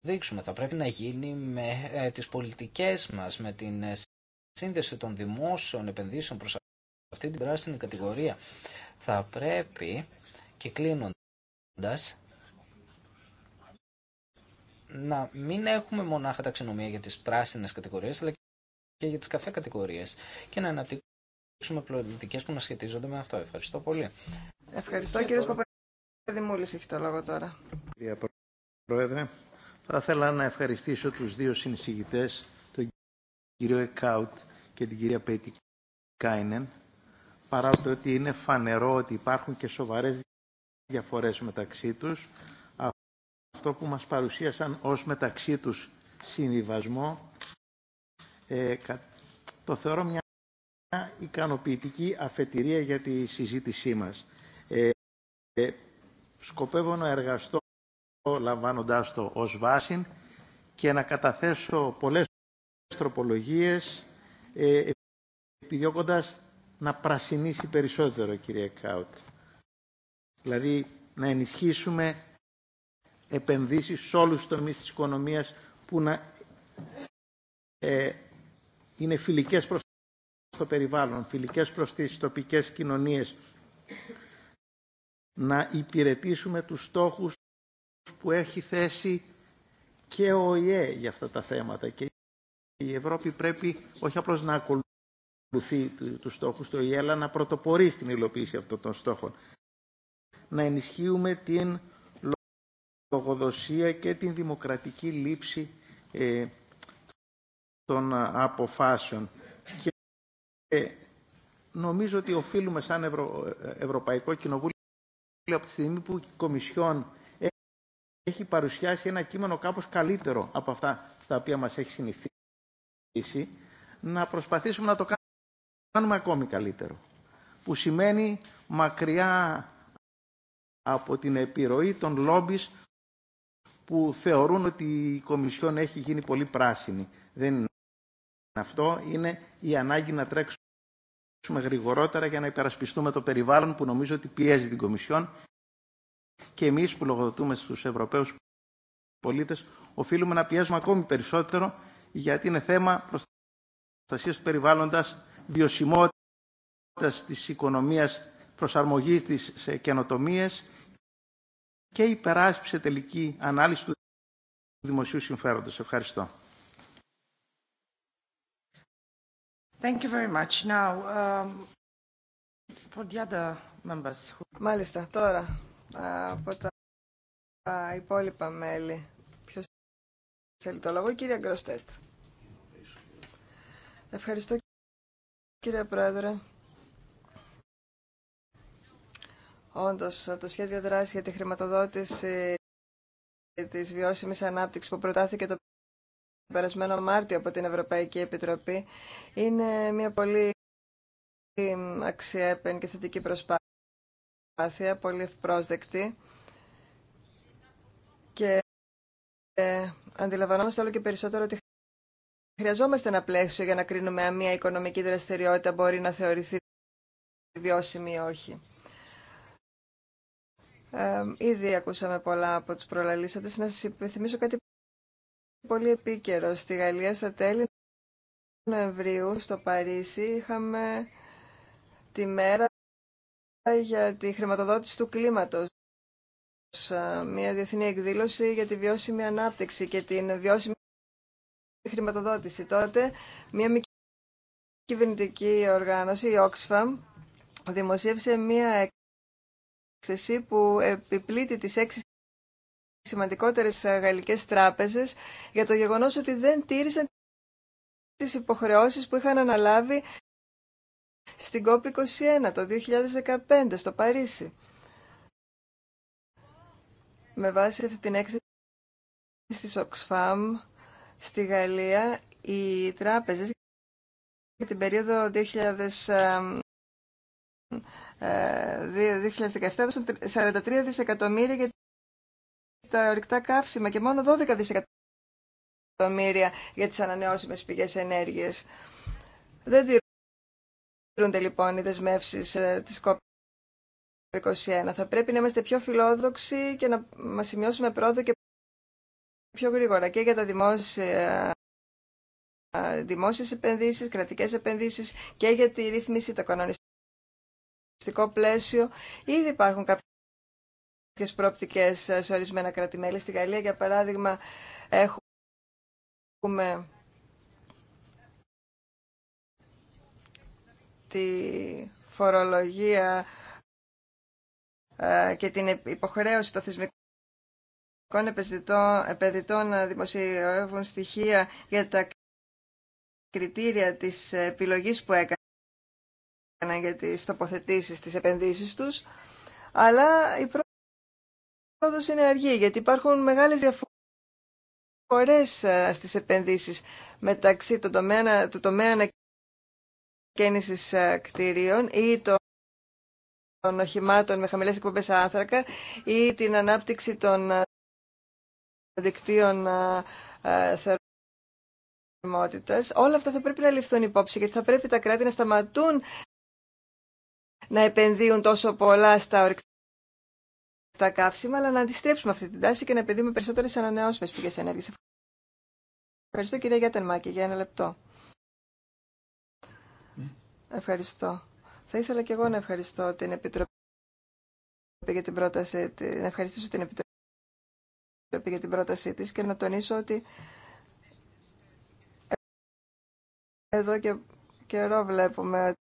αποδείξουμε. Θα πρέπει να γίνει με ε, τις πολιτικές μας, με την σύνδεση των δημόσιων επενδύσεων προς αυτή την πράσινη κατηγορία. Θα πρέπει και κλείνοντας να μην έχουμε μονάχα ταξινομία για τις πράσινες κατηγορίες αλλά και για τις καφέ κατηγορίες και να αναπτύξουμε με πολιτικέ που να σχετίζονται με αυτό. Ευχαριστώ πολύ. Ευχαριστώ κύριε Παπαδημούλη, έχει το λόγο τώρα. κύρια Πρόεδρε, θα ήθελα να ευχαριστήσω του δύο συνεισηγητέ, τον κύριο Εκάουτ και την κυρία Πέτη Κάινεν, παρά το ότι είναι φανερό ότι υπάρχουν και σοβαρέ διαφορέ μεταξύ του, Αυτό που μας παρουσίασαν ως μεταξύ του συνδυασμό, ε, το θεωρώ μια ικανοποιητική αφετηρία για τη συζήτησή μας. Ε, ε σκοπεύω να εργαστώ λαμβάνοντάς το ως βάση και να καταθέσω πολλές τροπολογίες ε, επιδιώκοντας να πρασινίσει περισσότερο, κύριε Κάουτ. Δηλαδή, να ενισχύσουμε επενδύσεις σε όλους τους τομείς της οικονομίας που να ε, είναι φιλικές προς στο περιβάλλον, φιλικές προστίσεις, τοπικές κοινωνίες, να υπηρετήσουμε τους στόχους που έχει θέσει και ο ΙΕ για αυτά τα θέματα. Και η Ευρώπη πρέπει όχι απλώς να ακολουθεί τους στόχους του ΙΕ, αλλά να πρωτοπορεί στην υλοποίηση αυτών των στόχων. Να ενισχύουμε την λογοδοσία και την δημοκρατική λήψη ε, των ε, αποφάσεων. Και ε, νομίζω ότι οφείλουμε σαν Ευρω... Ε, Ευρωπαϊκό Κοινοβούλιο από τη στιγμή που η Κομισιόν έχει παρουσιάσει ένα κείμενο κάπως καλύτερο από αυτά στα οποία μας έχει συνηθίσει, να προσπαθήσουμε να το κάνουμε ακόμη καλύτερο. Που σημαίνει μακριά από την επιρροή των λόμπις που θεωρούν ότι η Κομισιόν έχει γίνει πολύ πράσινη αυτό είναι η ανάγκη να τρέξουμε γρηγορότερα για να υπερασπιστούμε το περιβάλλον που νομίζω ότι πιέζει την Κομισιόν και εμείς που λογοδοτούμε στους Ευρωπαίους πολίτες οφείλουμε να πιέζουμε ακόμη περισσότερο γιατί είναι θέμα προστασίας του περιβάλλοντας, βιωσιμότητας της οικονομίας, προσαρμογής της σε και υπεράσπισε τελική ανάλυση του δημοσίου συμφέροντος. Ευχαριστώ. Thank you um, Μάλιστα, τώρα από τα υπόλοιπα μέλη. Ποιο θέλει το λόγο, κύριε Γκροστέτ. Ευχαριστώ, κύριε Πρόεδρε. Όντω, το σχέδιο δράση για τη χρηματοδότηση τη βιώσιμη ανάπτυξη που προτάθηκε το περασμένο Μάρτιο από την Ευρωπαϊκή Επιτροπή είναι μια πολύ αξιέπαινη και θετική προσπάθεια, πολύ ευπρόσδεκτη και ε, αντιλαμβανόμαστε όλο και περισσότερο ότι χρειαζόμαστε ένα πλαίσιο για να κρίνουμε αν μια οικονομική δραστηριότητα μπορεί να θεωρηθεί βιώσιμη ή όχι. Ε, ήδη ακούσαμε πολλά από τους προλαλήσαντες. Να σας υπενθυμίσω κάτι πολύ επίκαιρο. Στη Γαλλία στα τέλη Νοεμβρίου στο Παρίσι είχαμε τη μέρα για τη χρηματοδότηση του κλίματος. Μια διεθνή εκδήλωση για τη βιώσιμη ανάπτυξη και την βιώσιμη χρηματοδότηση. Τότε μια μικρή κυβερνητική οργάνωση, η Oxfam, δημοσίευσε μια έκθεση που επιπλήττει τις έξι σημαντικότερες ε, γαλλικές τράπεζες για το γεγονός ότι δεν τήρησαν τις υποχρεώσεις που είχαν αναλάβει στην COP21 το 2015 στο Παρίσι. Με βάση αυτή την έκθεση της Oxfam στη Γαλλία, οι τράπεζες για την περίοδο 2000 2017 έδωσαν 43 δισεκατομμύρια για τα ορυκτά καύσιμα και μόνο 12 δισεκατομμύρια για τις ανανεώσιμες πηγές ενέργειας. Δεν τηρούνται λοιπόν οι δεσμεύσει ε, της COP21. Θα πρέπει να είμαστε πιο φιλόδοξοι και να μας σημειώσουμε πρόοδο και πιο γρήγορα και για τα δημόσια δημόσιες επενδύσεις, κρατικές επενδύσεις και για τη ρύθμιση, το κανονιστικό πλαίσιο. Ήδη υπάρχουν κάποιες πρόπτικες ε, σε ορισμένα κράτη-μέλη. Στη Γαλλία, για παράδειγμα, έχουμε τη φορολογία ε, και την υποχρέωση των θεσμικών επενδυτών να δημοσιεύουν στοιχεία για τα κριτήρια της επιλογής που έκαναν για τις τοποθετήσεις, τις επενδύσεις τους, αλλά η πρόοδος είναι αργή, γιατί υπάρχουν μεγάλες διαφορές ε, στις επενδύσεις μεταξύ του τομέα, του τομέα κτίριων ή των οχημάτων με χαμηλές εκπομπές άνθρακα ή την ανάπτυξη των ε, δικτύων ε, θερμότητας. Όλα αυτά θα πρέπει να ληφθούν υπόψη γιατί θα πρέπει τα κράτη να σταματούν να επενδύουν τόσο πολλά στα τα καύσιμα, αλλά να αντιστρέψουμε αυτή την τάση και να επενδύουμε περισσότερε ανανεώσιμε πηγέ ενέργεια. Ευχαριστώ κυρία Γιατερμάκη για ένα λεπτό. Ευχαριστώ. Θα ήθελα και εγώ να ευχαριστώ την Επιτροπή για την πρόταση, να ευχαριστήσω την Επιτροπή για την πρότασή της και να τονίσω ότι εδώ και καιρό βλέπουμε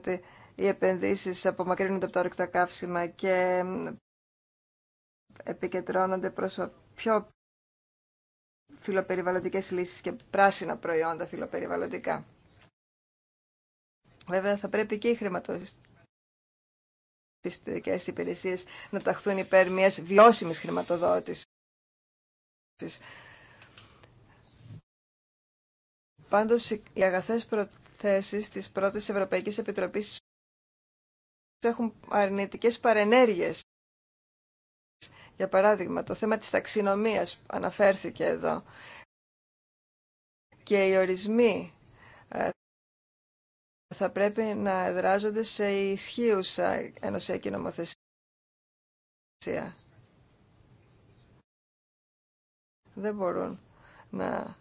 ότι οι επενδύσεις απομακρύνονται από τα ορυκτά καύσιμα και επικεντρώνονται προς πιο φιλοπεριβαλλοντικές λύσεις και πράσινα προϊόντα φιλοπεριβαλλοντικά. Βέβαια, θα πρέπει και οι χρηματοπιστικές υπηρεσίες να ταχθούν υπέρ μιας βιώσιμης χρηματοδότησης. Πάντως, οι αγαθές προθέσεις της πρώτης Ευρωπαϊκής Επιτροπής έχουν αρνητικές παρενέργειες. Για παράδειγμα, το θέμα της ταξινομίας αναφέρθηκε εδώ. Και οι ορισμοί ε, θα πρέπει να εδράζονται σε ισχύουσα ενωσιακή νομοθεσία. Δεν μπορούν να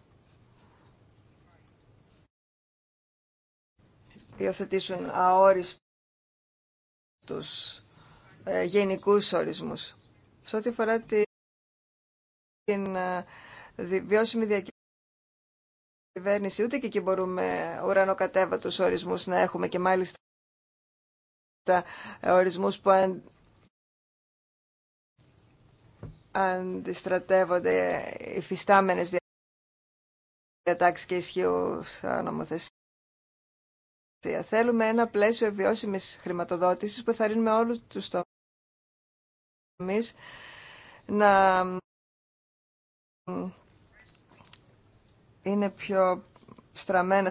υιοθετήσουν αόριστο τους ε, γενικούς ορισμούς. Σε ό,τι αφορά την ε, βιώσιμη διακυβέρνηση, ούτε και εκεί μπορούμε ουρανοκατέβατους ορισμούς να έχουμε και μάλιστα ε, ορισμούς που αν, αντιστρατεύονται οι φυστάμενες διατάξεις και ισχύουσα νομοθεσία. Θέλουμε ένα πλαίσιο βιώσιμη χρηματοδότησης που θα ρίνουμε όλους τους τομεί να είναι πιο στραμμένα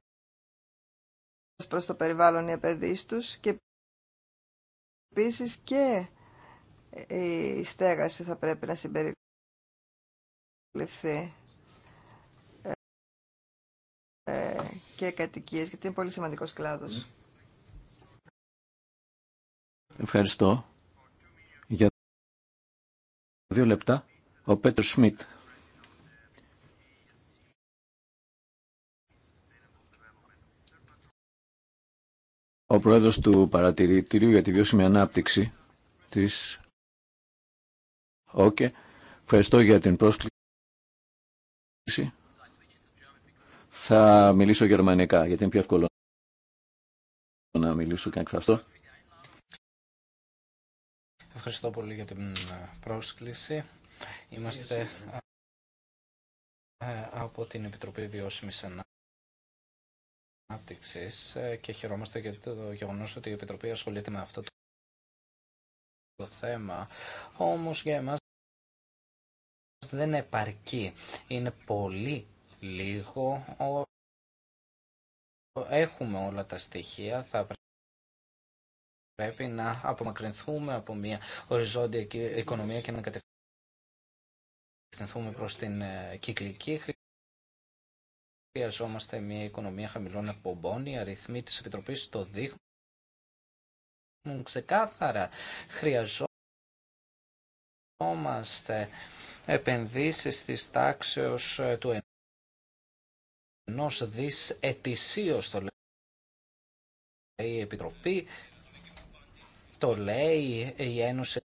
προς το περιβάλλον οι επενδύσεις τους και επίσης και η στέγαση θα πρέπει να συμπεριληφθεί. Ε, ε και κατοικίε γιατί είναι πολύ σημαντικό κλάδος. Ναι. Ευχαριστώ. Για δύο λεπτά, ο Πέτρο Σμιτ. Ο πρόεδρος του Παρατηρητηρίου για τη Βιώσιμη Ανάπτυξη της ΟΚΕ. Ευχαριστώ για την πρόσκληση. Θα μιλήσω γερμανικά, γιατί είναι πιο εύκολο να μιλήσω και να εκφραστώ. Ευχαριστώ πολύ για την ε, πρόσκληση. Είμαστε ε, από την Επιτροπή Βιώσιμης Ανάπτυξης ε, και χαιρόμαστε για το γεγονός ότι η Επιτροπή ασχολείται με αυτό το θέμα. Όμως για εμάς δεν επαρκεί. Είναι πολύ λίγο. Έχουμε όλα τα στοιχεία, θα πρέπει να απομακρυνθούμε από μια οριζόντια οικονομία και να κατευθυνθούμε προς την ε, κυκλική. Χρειαζόμαστε μια οικονομία χαμηλών εκπομπών. Οι αριθμοί της Επιτροπής το δείχνουν ξεκάθαρα. Χρειαζόμαστε επενδύσεις της τάξεως ε, του ενός δις ετησίως το λέει η Επιτροπή, το λέει η Ένωση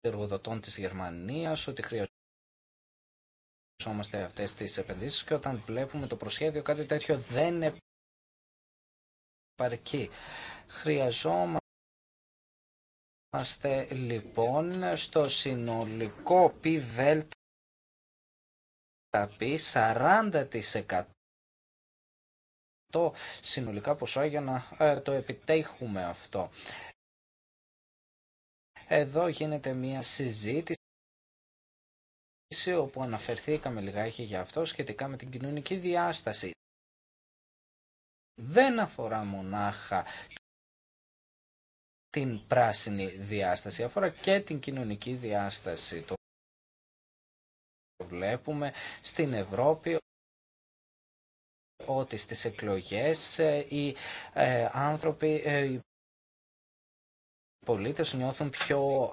Εργοδοτών της Γερμανίας ότι χρειαζόμαστε αυτές τις επενδύσεις και όταν βλέπουμε το προσχέδιο κάτι τέτοιο δεν επαρκεί. Χρειαζόμαστε λοιπόν στο συνολικό πι δέλτα θα πει 40% συνολικά ποσό για να ε, το επιτέχουμε αυτό. Εδώ γίνεται μια συζήτηση όπου αναφερθήκαμε λιγάκι για αυτό σχετικά με την κοινωνική διάσταση. Δεν αφορά μονάχα την πράσινη διάσταση, αφορά και την κοινωνική διάσταση βλέπουμε στην Ευρώπη ότι στις εκλογές ε, οι ε, άνθρωποι, ε, οι πολίτες νιώθουν πιο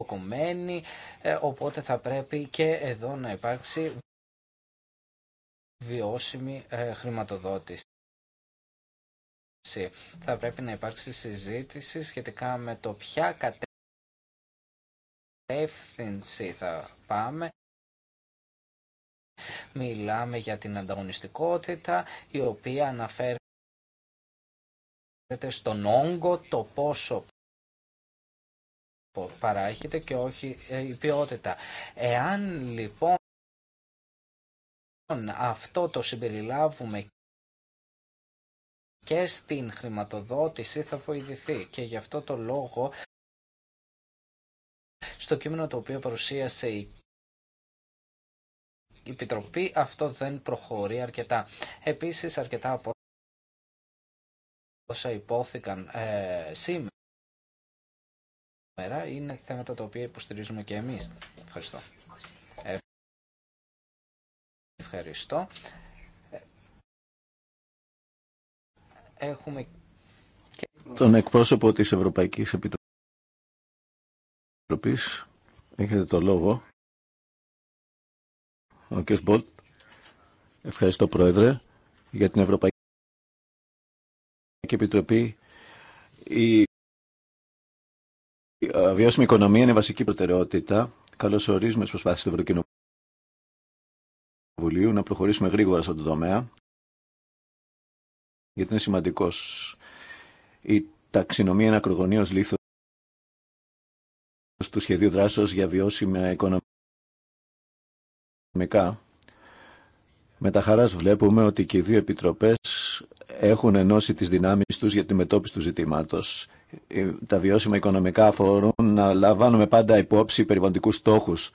αποκομμένοι, οπότε θα πρέπει και εδώ να υπάρξει βιώσιμη χρηματοδότηση. Θα πρέπει να υπάρξει συζήτηση σχετικά με το ποια κατεύθυνση κατεύθυνση θα πάμε. Μιλάμε για την ανταγωνιστικότητα η οποία αναφέρεται στον όγκο το πόσο παράγεται και όχι ε, η ποιότητα. Εάν λοιπόν αυτό το συμπεριλάβουμε και στην χρηματοδότηση θα βοηθηθεί και γι' αυτό το λόγο στο κείμενο το οποίο παρουσίασε η Επιτροπή, αυτό δεν προχωρεί αρκετά. Επίσης, αρκετά από όσα υπόθηκαν ε, σήμερα είναι θέματα τα οποία υποστηρίζουμε και εμείς. Ευχαριστώ. ευχαριστώ. Τον εκπρόσωπο της Ευρωπαϊκής Επιτροπής. Έχετε το λόγο. Ο κ. Μπολτ. Ευχαριστώ, Πρόεδρε, για την Ευρωπαϊκή Επιτροπή. Η βιώσιμη οικονομία είναι βασική προτεραιότητα. Καλώς ορίζουμε τις προσπάθειες του Ευρωκοινοβουλίου να προχωρήσουμε γρήγορα στον τομέα, γιατί είναι σημαντικός. Η ταξινομία είναι ακρογωνίως λήθος του σχεδίου δράσεω για βιώσιμα οικονομικά. Με τα χαράς βλέπουμε ότι και οι δύο επιτροπές έχουν ενώσει τις δυνάμεις τους για τη μετώπιση του ζητήματος. Ε, τα βιώσιμα οικονομικά αφορούν να λαμβάνουμε πάντα υπόψη περιβαλλοντικούς στόχους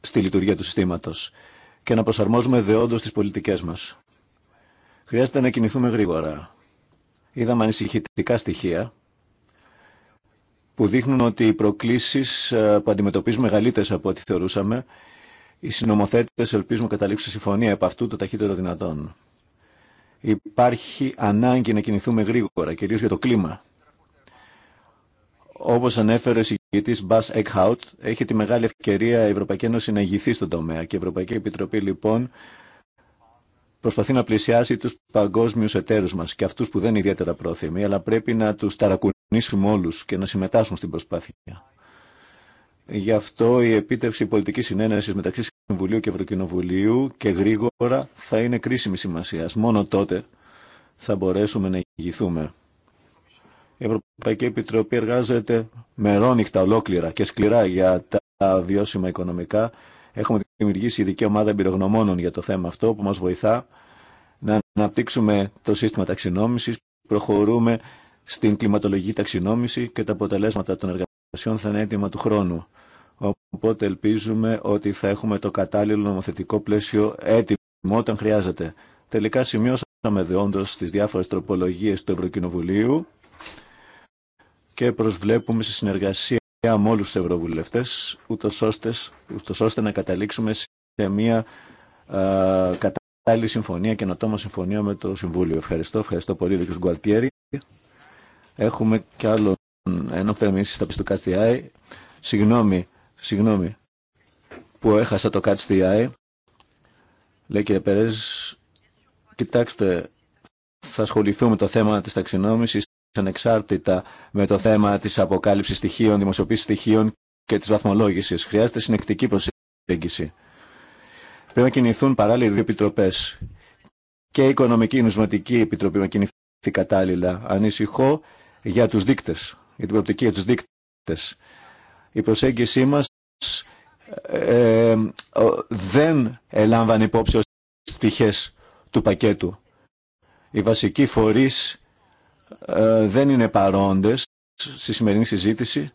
στη λειτουργία του συστήματος και να προσαρμόζουμε δεόντως τις πολιτικές μας. Χρειάζεται να κινηθούμε γρήγορα. Είδαμε ανησυχητικά στοιχεία που δείχνουν ότι οι προκλήσεις ε, που αντιμετωπίζουμε μεγαλύτερε από ό,τι θεωρούσαμε. Οι συνομοθέτες ελπίζουν καταλήξουν συμφωνία επ' αυτού το ταχύτερο δυνατόν. Υπάρχει ανάγκη να κινηθούμε γρήγορα, κυρίως για το κλίμα. Όπως ανέφερε ο συγκριτής Μπάς Εκχάουτ, έχει τη μεγάλη ευκαιρία η Ευρωπαϊκή Ένωση να ηγηθεί στον τομέα και η Ευρωπαϊκή Επιτροπή λοιπόν προσπαθεί να πλησιάσει τους παγκόσμιους εταίρους μας και αυτούς που δεν είναι ιδιαίτερα πρόθυμοι, αλλά πρέπει να τους ταρακουνήσουμε όλους και να συμμετάσχουν στην προσπάθεια. Γι' αυτό η επίτευξη πολιτική συνένεση μεταξύ Συμβουλίου και Ευρωκοινοβουλίου και γρήγορα θα είναι κρίσιμη σημασία. Μόνο τότε θα μπορέσουμε να ηγηθούμε. Η Ευρωπαϊκή Επιτροπή εργάζεται μερόνυχτα ολόκληρα και σκληρά για τα βιώσιμα οικονομικά. Έχουμε δημιουργήσει ειδική ομάδα εμπειρογνωμόνων για το θέμα αυτό που μας βοηθά να αναπτύξουμε το σύστημα ταξινόμησης, προχωρούμε στην κλιματολογική ταξινόμηση και τα αποτελέσματα των εργασιών θα είναι έτοιμα του χρόνου. Οπότε ελπίζουμε ότι θα έχουμε το κατάλληλο νομοθετικό πλαίσιο έτοιμο όταν χρειάζεται. Τελικά σημειώσαμε δεόντως τις διάφορες τροπολογίες του Ευρωκοινοβουλίου και προσβλέπουμε σε συνεργασία με όλους τους ευρωβουλευτές, ούτως ώστε, να καταλήξουμε σε μια κατάλληλη συμφωνία, καινοτόμα συμφωνία με το Συμβούλιο. Ευχαριστώ, ευχαριστώ πολύ, Λίκος Γκουαλτιέρη. Έχουμε κι άλλο ένα που θέλουμε στα πιστού ΚΑΤΣΤΙΑΙ. Συγγνώμη, συγγνώμη που έχασα το ΚΑΤΣΤΙΑΙ. Λέει κύριε Περέζ, κοιτάξτε, θα ασχοληθούμε το θέμα της ταξινόμησης ανεξάρτητα με το θέμα της αποκάλυψη στοιχείων, δημοσιοποίηση στοιχείων και της βαθμολόγηση. Χρειάζεται συνεκτική προσέγγιση. Πρέπει να κινηθούν παράλληλα δύο επιτροπέ. Και η Οικονομική Νοσματική Επιτροπή να κινηθεί κατάλληλα. Ανησυχώ για τους δείκτε, για την προοπτική για τους δείκτε. Η προσέγγιση μα ε, ε, δεν ελάμβανε υπόψη ω πτυχές του πακέτου. Οι βασικοί φορεί. Ε, δεν είναι παρόντες στη σημερινή συζήτηση.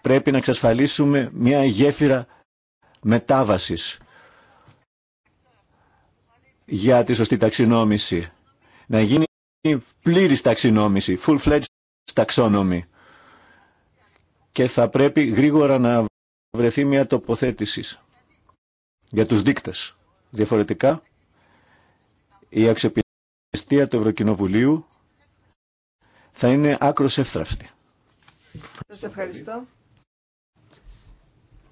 Πρέπει να εξασφαλίσουμε μια γέφυρα μετάβασης για τη σωστή ταξινόμηση. Να γίνει πλήρης ταξινόμηση, full-fledged ταξόνομη. Και θα πρέπει γρήγορα να βρεθεί μια τοποθέτηση για τους δείκτες. Διαφορετικά, η αξιοποιητική εστία του Ευρωκοινοβουλίου θα είναι άκρος εύθραυστη. Σας ευχαριστώ.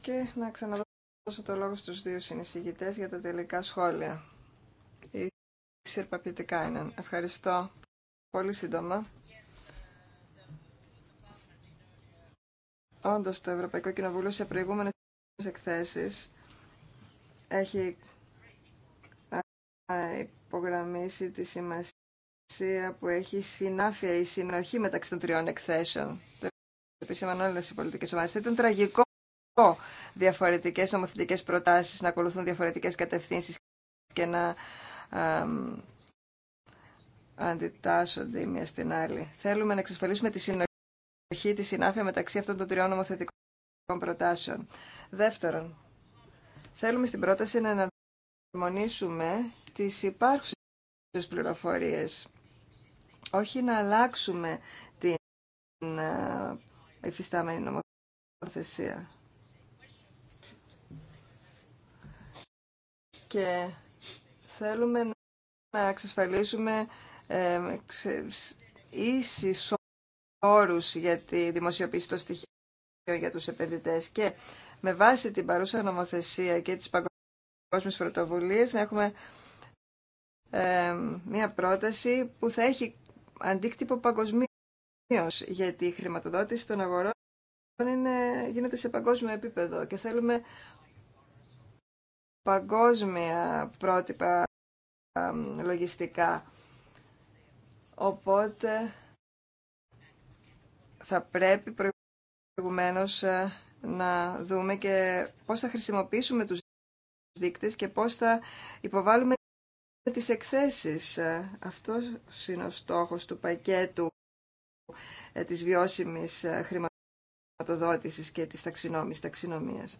Και να ξαναδώσω το λόγο στους δύο συνεισηγητές για τα τελικά σχόλια. Η συρπαπητικά είναι. Ευχαριστώ πολύ σύντομα. Όντω το Ευρωπαϊκό Κοινοβούλιο σε προηγούμενες εκθέσει. έχει υπογραμμίσει τη σημασία που έχει η συνάφεια, η συνοχή μεταξύ των τριών εκθέσεων. Το επισήμαν όλε οι πολιτικέ ομάδε. Θα ήταν τραγικό διαφορετικέ νομοθετικέ προτάσει να ακολουθούν διαφορετικέ κατευθύνσει και να α, αντιτάσσονται η μία στην άλλη. Θέλουμε να εξασφαλίσουμε τη συνοχή, τη συνάφεια μεταξύ αυτών των τριών νομοθετικών προτάσεων. Δεύτερον, θέλουμε στην πρόταση να εναρμονίσουμε τις υπάρχουσες πληροφορίες. Όχι να αλλάξουμε την ε, υφιστάμενη νομοθεσία. Και θέλουμε να εξασφαλίσουμε ε, ξε, όρους για τη δημοσιοποίηση των στοιχείων για τους επενδυτές και με βάση την παρούσα νομοθεσία και τις παγκόσμιες πρωτοβουλίες να έχουμε ε, μια πρόταση που θα έχει αντίκτυπο παγκοσμίω, γιατί η χρηματοδότηση των αγορών είναι, γίνεται σε παγκόσμιο επίπεδο και θέλουμε παγκόσμια πρότυπα λογιστικά. Οπότε θα πρέπει προηγουμένως ε, να δούμε και πώς θα χρησιμοποιήσουμε τους δείκτες και πώς θα υποβάλουμε τις εκθέσεις. Ε, αυτός είναι ο στόχος του πακέτου ε, της βιώσιμης ε, χρηματοδότησης και της ταξινόμης ταξινομίας.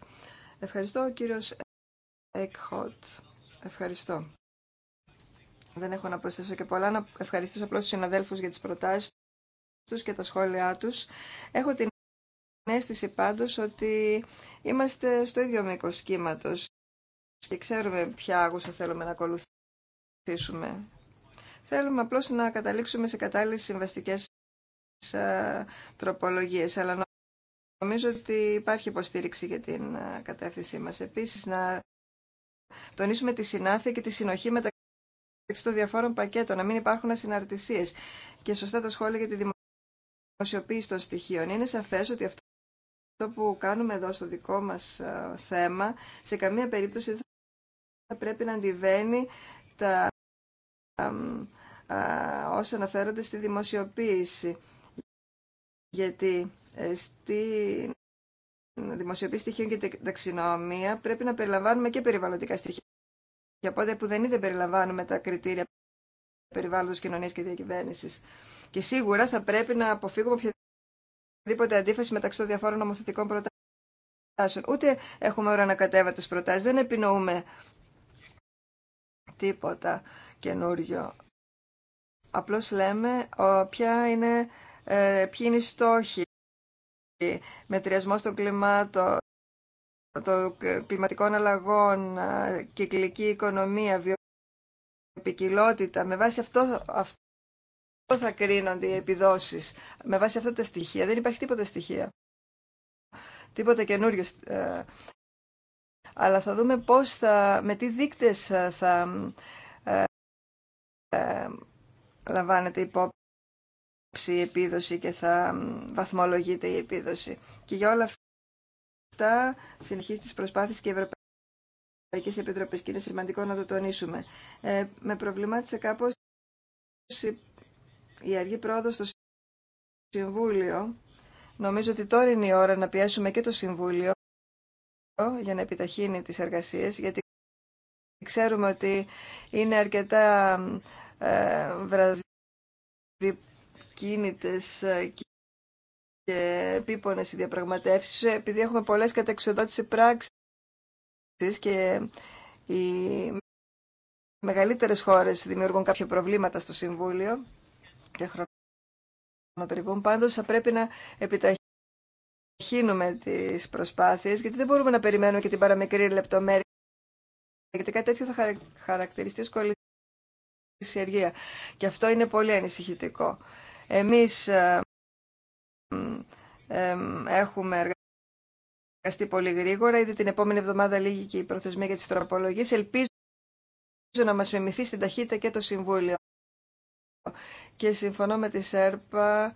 Ευχαριστώ, ο κύριος Εκχότ. Ευχαριστώ. Δεν έχω να προσθέσω και πολλά. Να ευχαριστήσω απλώς τους συναδέλφους για τις προτάσεις τους και τα σχόλιά τους. Έχω την αίσθηση πάντως ότι είμαστε στο ίδιο μήκος κύματος και ξέρουμε ποια άγουσα θέλουμε να ακολουθήσουμε Θέλουμε απλώς να καταλήξουμε σε κατάλληλες συμβαστικές ε, τροπολογίες, αλλά νομίζω ότι υπάρχει υποστήριξη για την ε, κατεύθυνσή μας. Επίσης, να τονίσουμε τη συνάφεια και τη συνοχή μεταξύ των διαφόρων πακέτων, να μην υπάρχουν ασυναρτησίες και σωστά τα σχόλια για τη δημοσιοποίηση των στοιχείων. Είναι σαφές ότι αυτό που κάνουμε εδώ στο δικό μας ε, θέμα, σε καμία περίπτωση δεν θα πρέπει να αντιβαίνει τα όσα αναφέρονται στη δημοσιοποίηση. Γιατί ε, στη δημοσιοποίηση στοιχείων και ταξινομία πρέπει να περιλαμβάνουμε και περιβαλλοντικά στοιχεία. Για πότε που δεν είναι περιλαμβάνουμε τα κριτήρια περιβάλλοντος κοινωνίας και διακυβέρνησης. Και σίγουρα θα πρέπει να αποφύγουμε οποιαδήποτε αντίφαση μεταξύ των διαφόρων νομοθετικών προτάσεων. Ούτε έχουμε ώρα να κατέβα τις προτάσεις, δεν επινοούμε τίποτα καινούριο. Απλώς λέμε ποια είναι, ε, ποιοι είναι οι στόχοι, μετριασμός των κλιμάτων, των κλιματικών αλλαγών, ε, κυκλική οικονομία, βιοποικιλότητα. Με βάση αυτό, αυτό θα κρίνονται οι επιδόσεις. Με βάση αυτά τα στοιχεία. Δεν υπάρχει τίποτα στοιχεία. Τίποτα καινούριο ε, αλλά θα δούμε πώς θα, με τι δείκτες θα, θα ε, ε, λαμβάνεται υπόψη η επίδοση και θα βαθμολογείται η επίδοση. Και για όλα αυτά συνεχίζει τις προσπάθειες και η Ευρωπαϊκή και είναι σημαντικό να το τονίσουμε. Ε, με προβλημάτισε κάπως η αργή πρόοδο στο Συμβούλιο. Νομίζω ότι τώρα είναι η ώρα να πιέσουμε και το Συμβούλιο για να επιταχύνει τις εργασίες, γιατί ξέρουμε ότι είναι αρκετά ε, βραδικίνητες ε, και επίπονες οι διαπραγματεύσεις, επειδή έχουμε πολλές κατεξοδότηση πράξεις και οι μεγαλύτερες χώρες δημιουργούν κάποια προβλήματα στο Συμβούλιο και χρονοτριβούν. Πάντως θα πρέπει να επιταχύνει χύνουμε τις προσπάθειες, γιατί δεν μπορούμε να περιμένουμε και την παραμικρή λεπτομέρεια, γιατί κάτι τέτοιο θα χαρακτηριστεί ως κολλησιεργία. Και αυτό είναι πολύ ανησυχητικό. Εμείς ε, ε, ε έχουμε εργαστεί πολύ γρήγορα, ήδη την επόμενη εβδομάδα λίγη και η προθεσμία για τις τροπολογίες. Ελπίζω να μας μιμηθεί στην ταχύτητα και το Συμβούλιο. Και συμφωνώ με τη ΣΕΡΠΑ,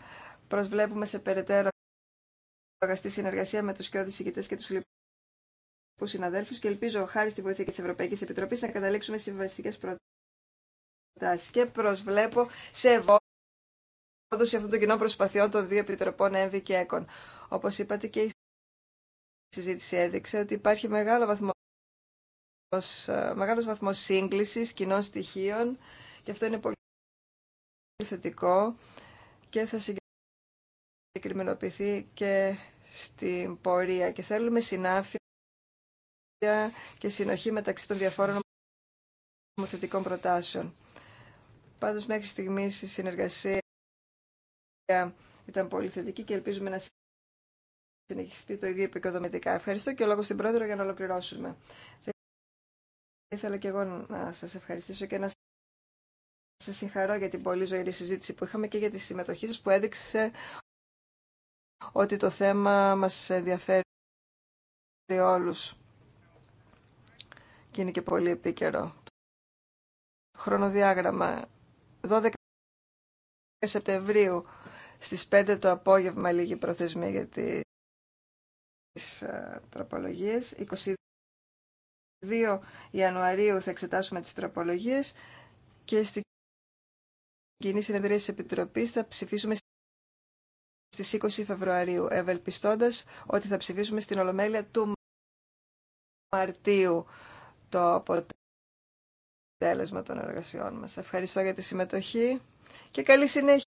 προσβλέπουμε σε περαιτέρω αγαστή συνεργασία με του κοιόδη ηγητέ και του λοιπού συναδέλφου και ελπίζω χάρη στη βοήθεια και τη Ευρωπαϊκή Επιτροπή να καταλήξουμε σε συμβαστικέ προτάσει. Και προσβλέπω σε ευόδοση σε των το κοινό προσπαθειών των δύο επιτροπών ΕΜΒΗ και ΕΚΟΝ. Όπω είπατε και η συζήτηση έδειξε ότι υπάρχει μεγάλο βαθμό ε, μεγάλος βαθμός σύγκλησης κοινών στοιχείων και αυτό είναι πολύ θετικό και θα συγκεντρώσουμε συγκεκριμενοποιηθεί και στην πορεία και θέλουμε συνάφεια και συνοχή μεταξύ των διαφόρων νομοθετικών προτάσεων. Πάντως μέχρι στιγμής η συνεργασία ήταν πολύ θετική και ελπίζουμε να συνεχιστεί το ίδιο επικοδομητικά. Ευχαριστώ και ο λόγος στην Πρόεδρο για να ολοκληρώσουμε. Ήθελα και εγώ να σας ευχαριστήσω και να σας συγχαρώ για την πολύ ζωηρή συζήτηση που είχαμε και για τη συμμετοχή σας που έδειξε ότι το θέμα μας ενδιαφέρει όλους και είναι και πολύ επίκαιρο. Χρονοδιάγραμμα 12 Σεπτεμβρίου στις 5 το απόγευμα λίγη προθεσμία για τις ε, τροπολογίες. 22 Ιανουαρίου θα εξετάσουμε τις τροπολογίες και στην κοινή συνεδρία της Επιτροπής θα ψηφίσουμε στι 20 Φεβρουαρίου, ευελπιστώντα ότι θα ψηφίσουμε στην Ολομέλεια του Μαρτίου το αποτέλεσμα των εργασιών μας. Ευχαριστώ για τη συμμετοχή και καλή συνέχεια.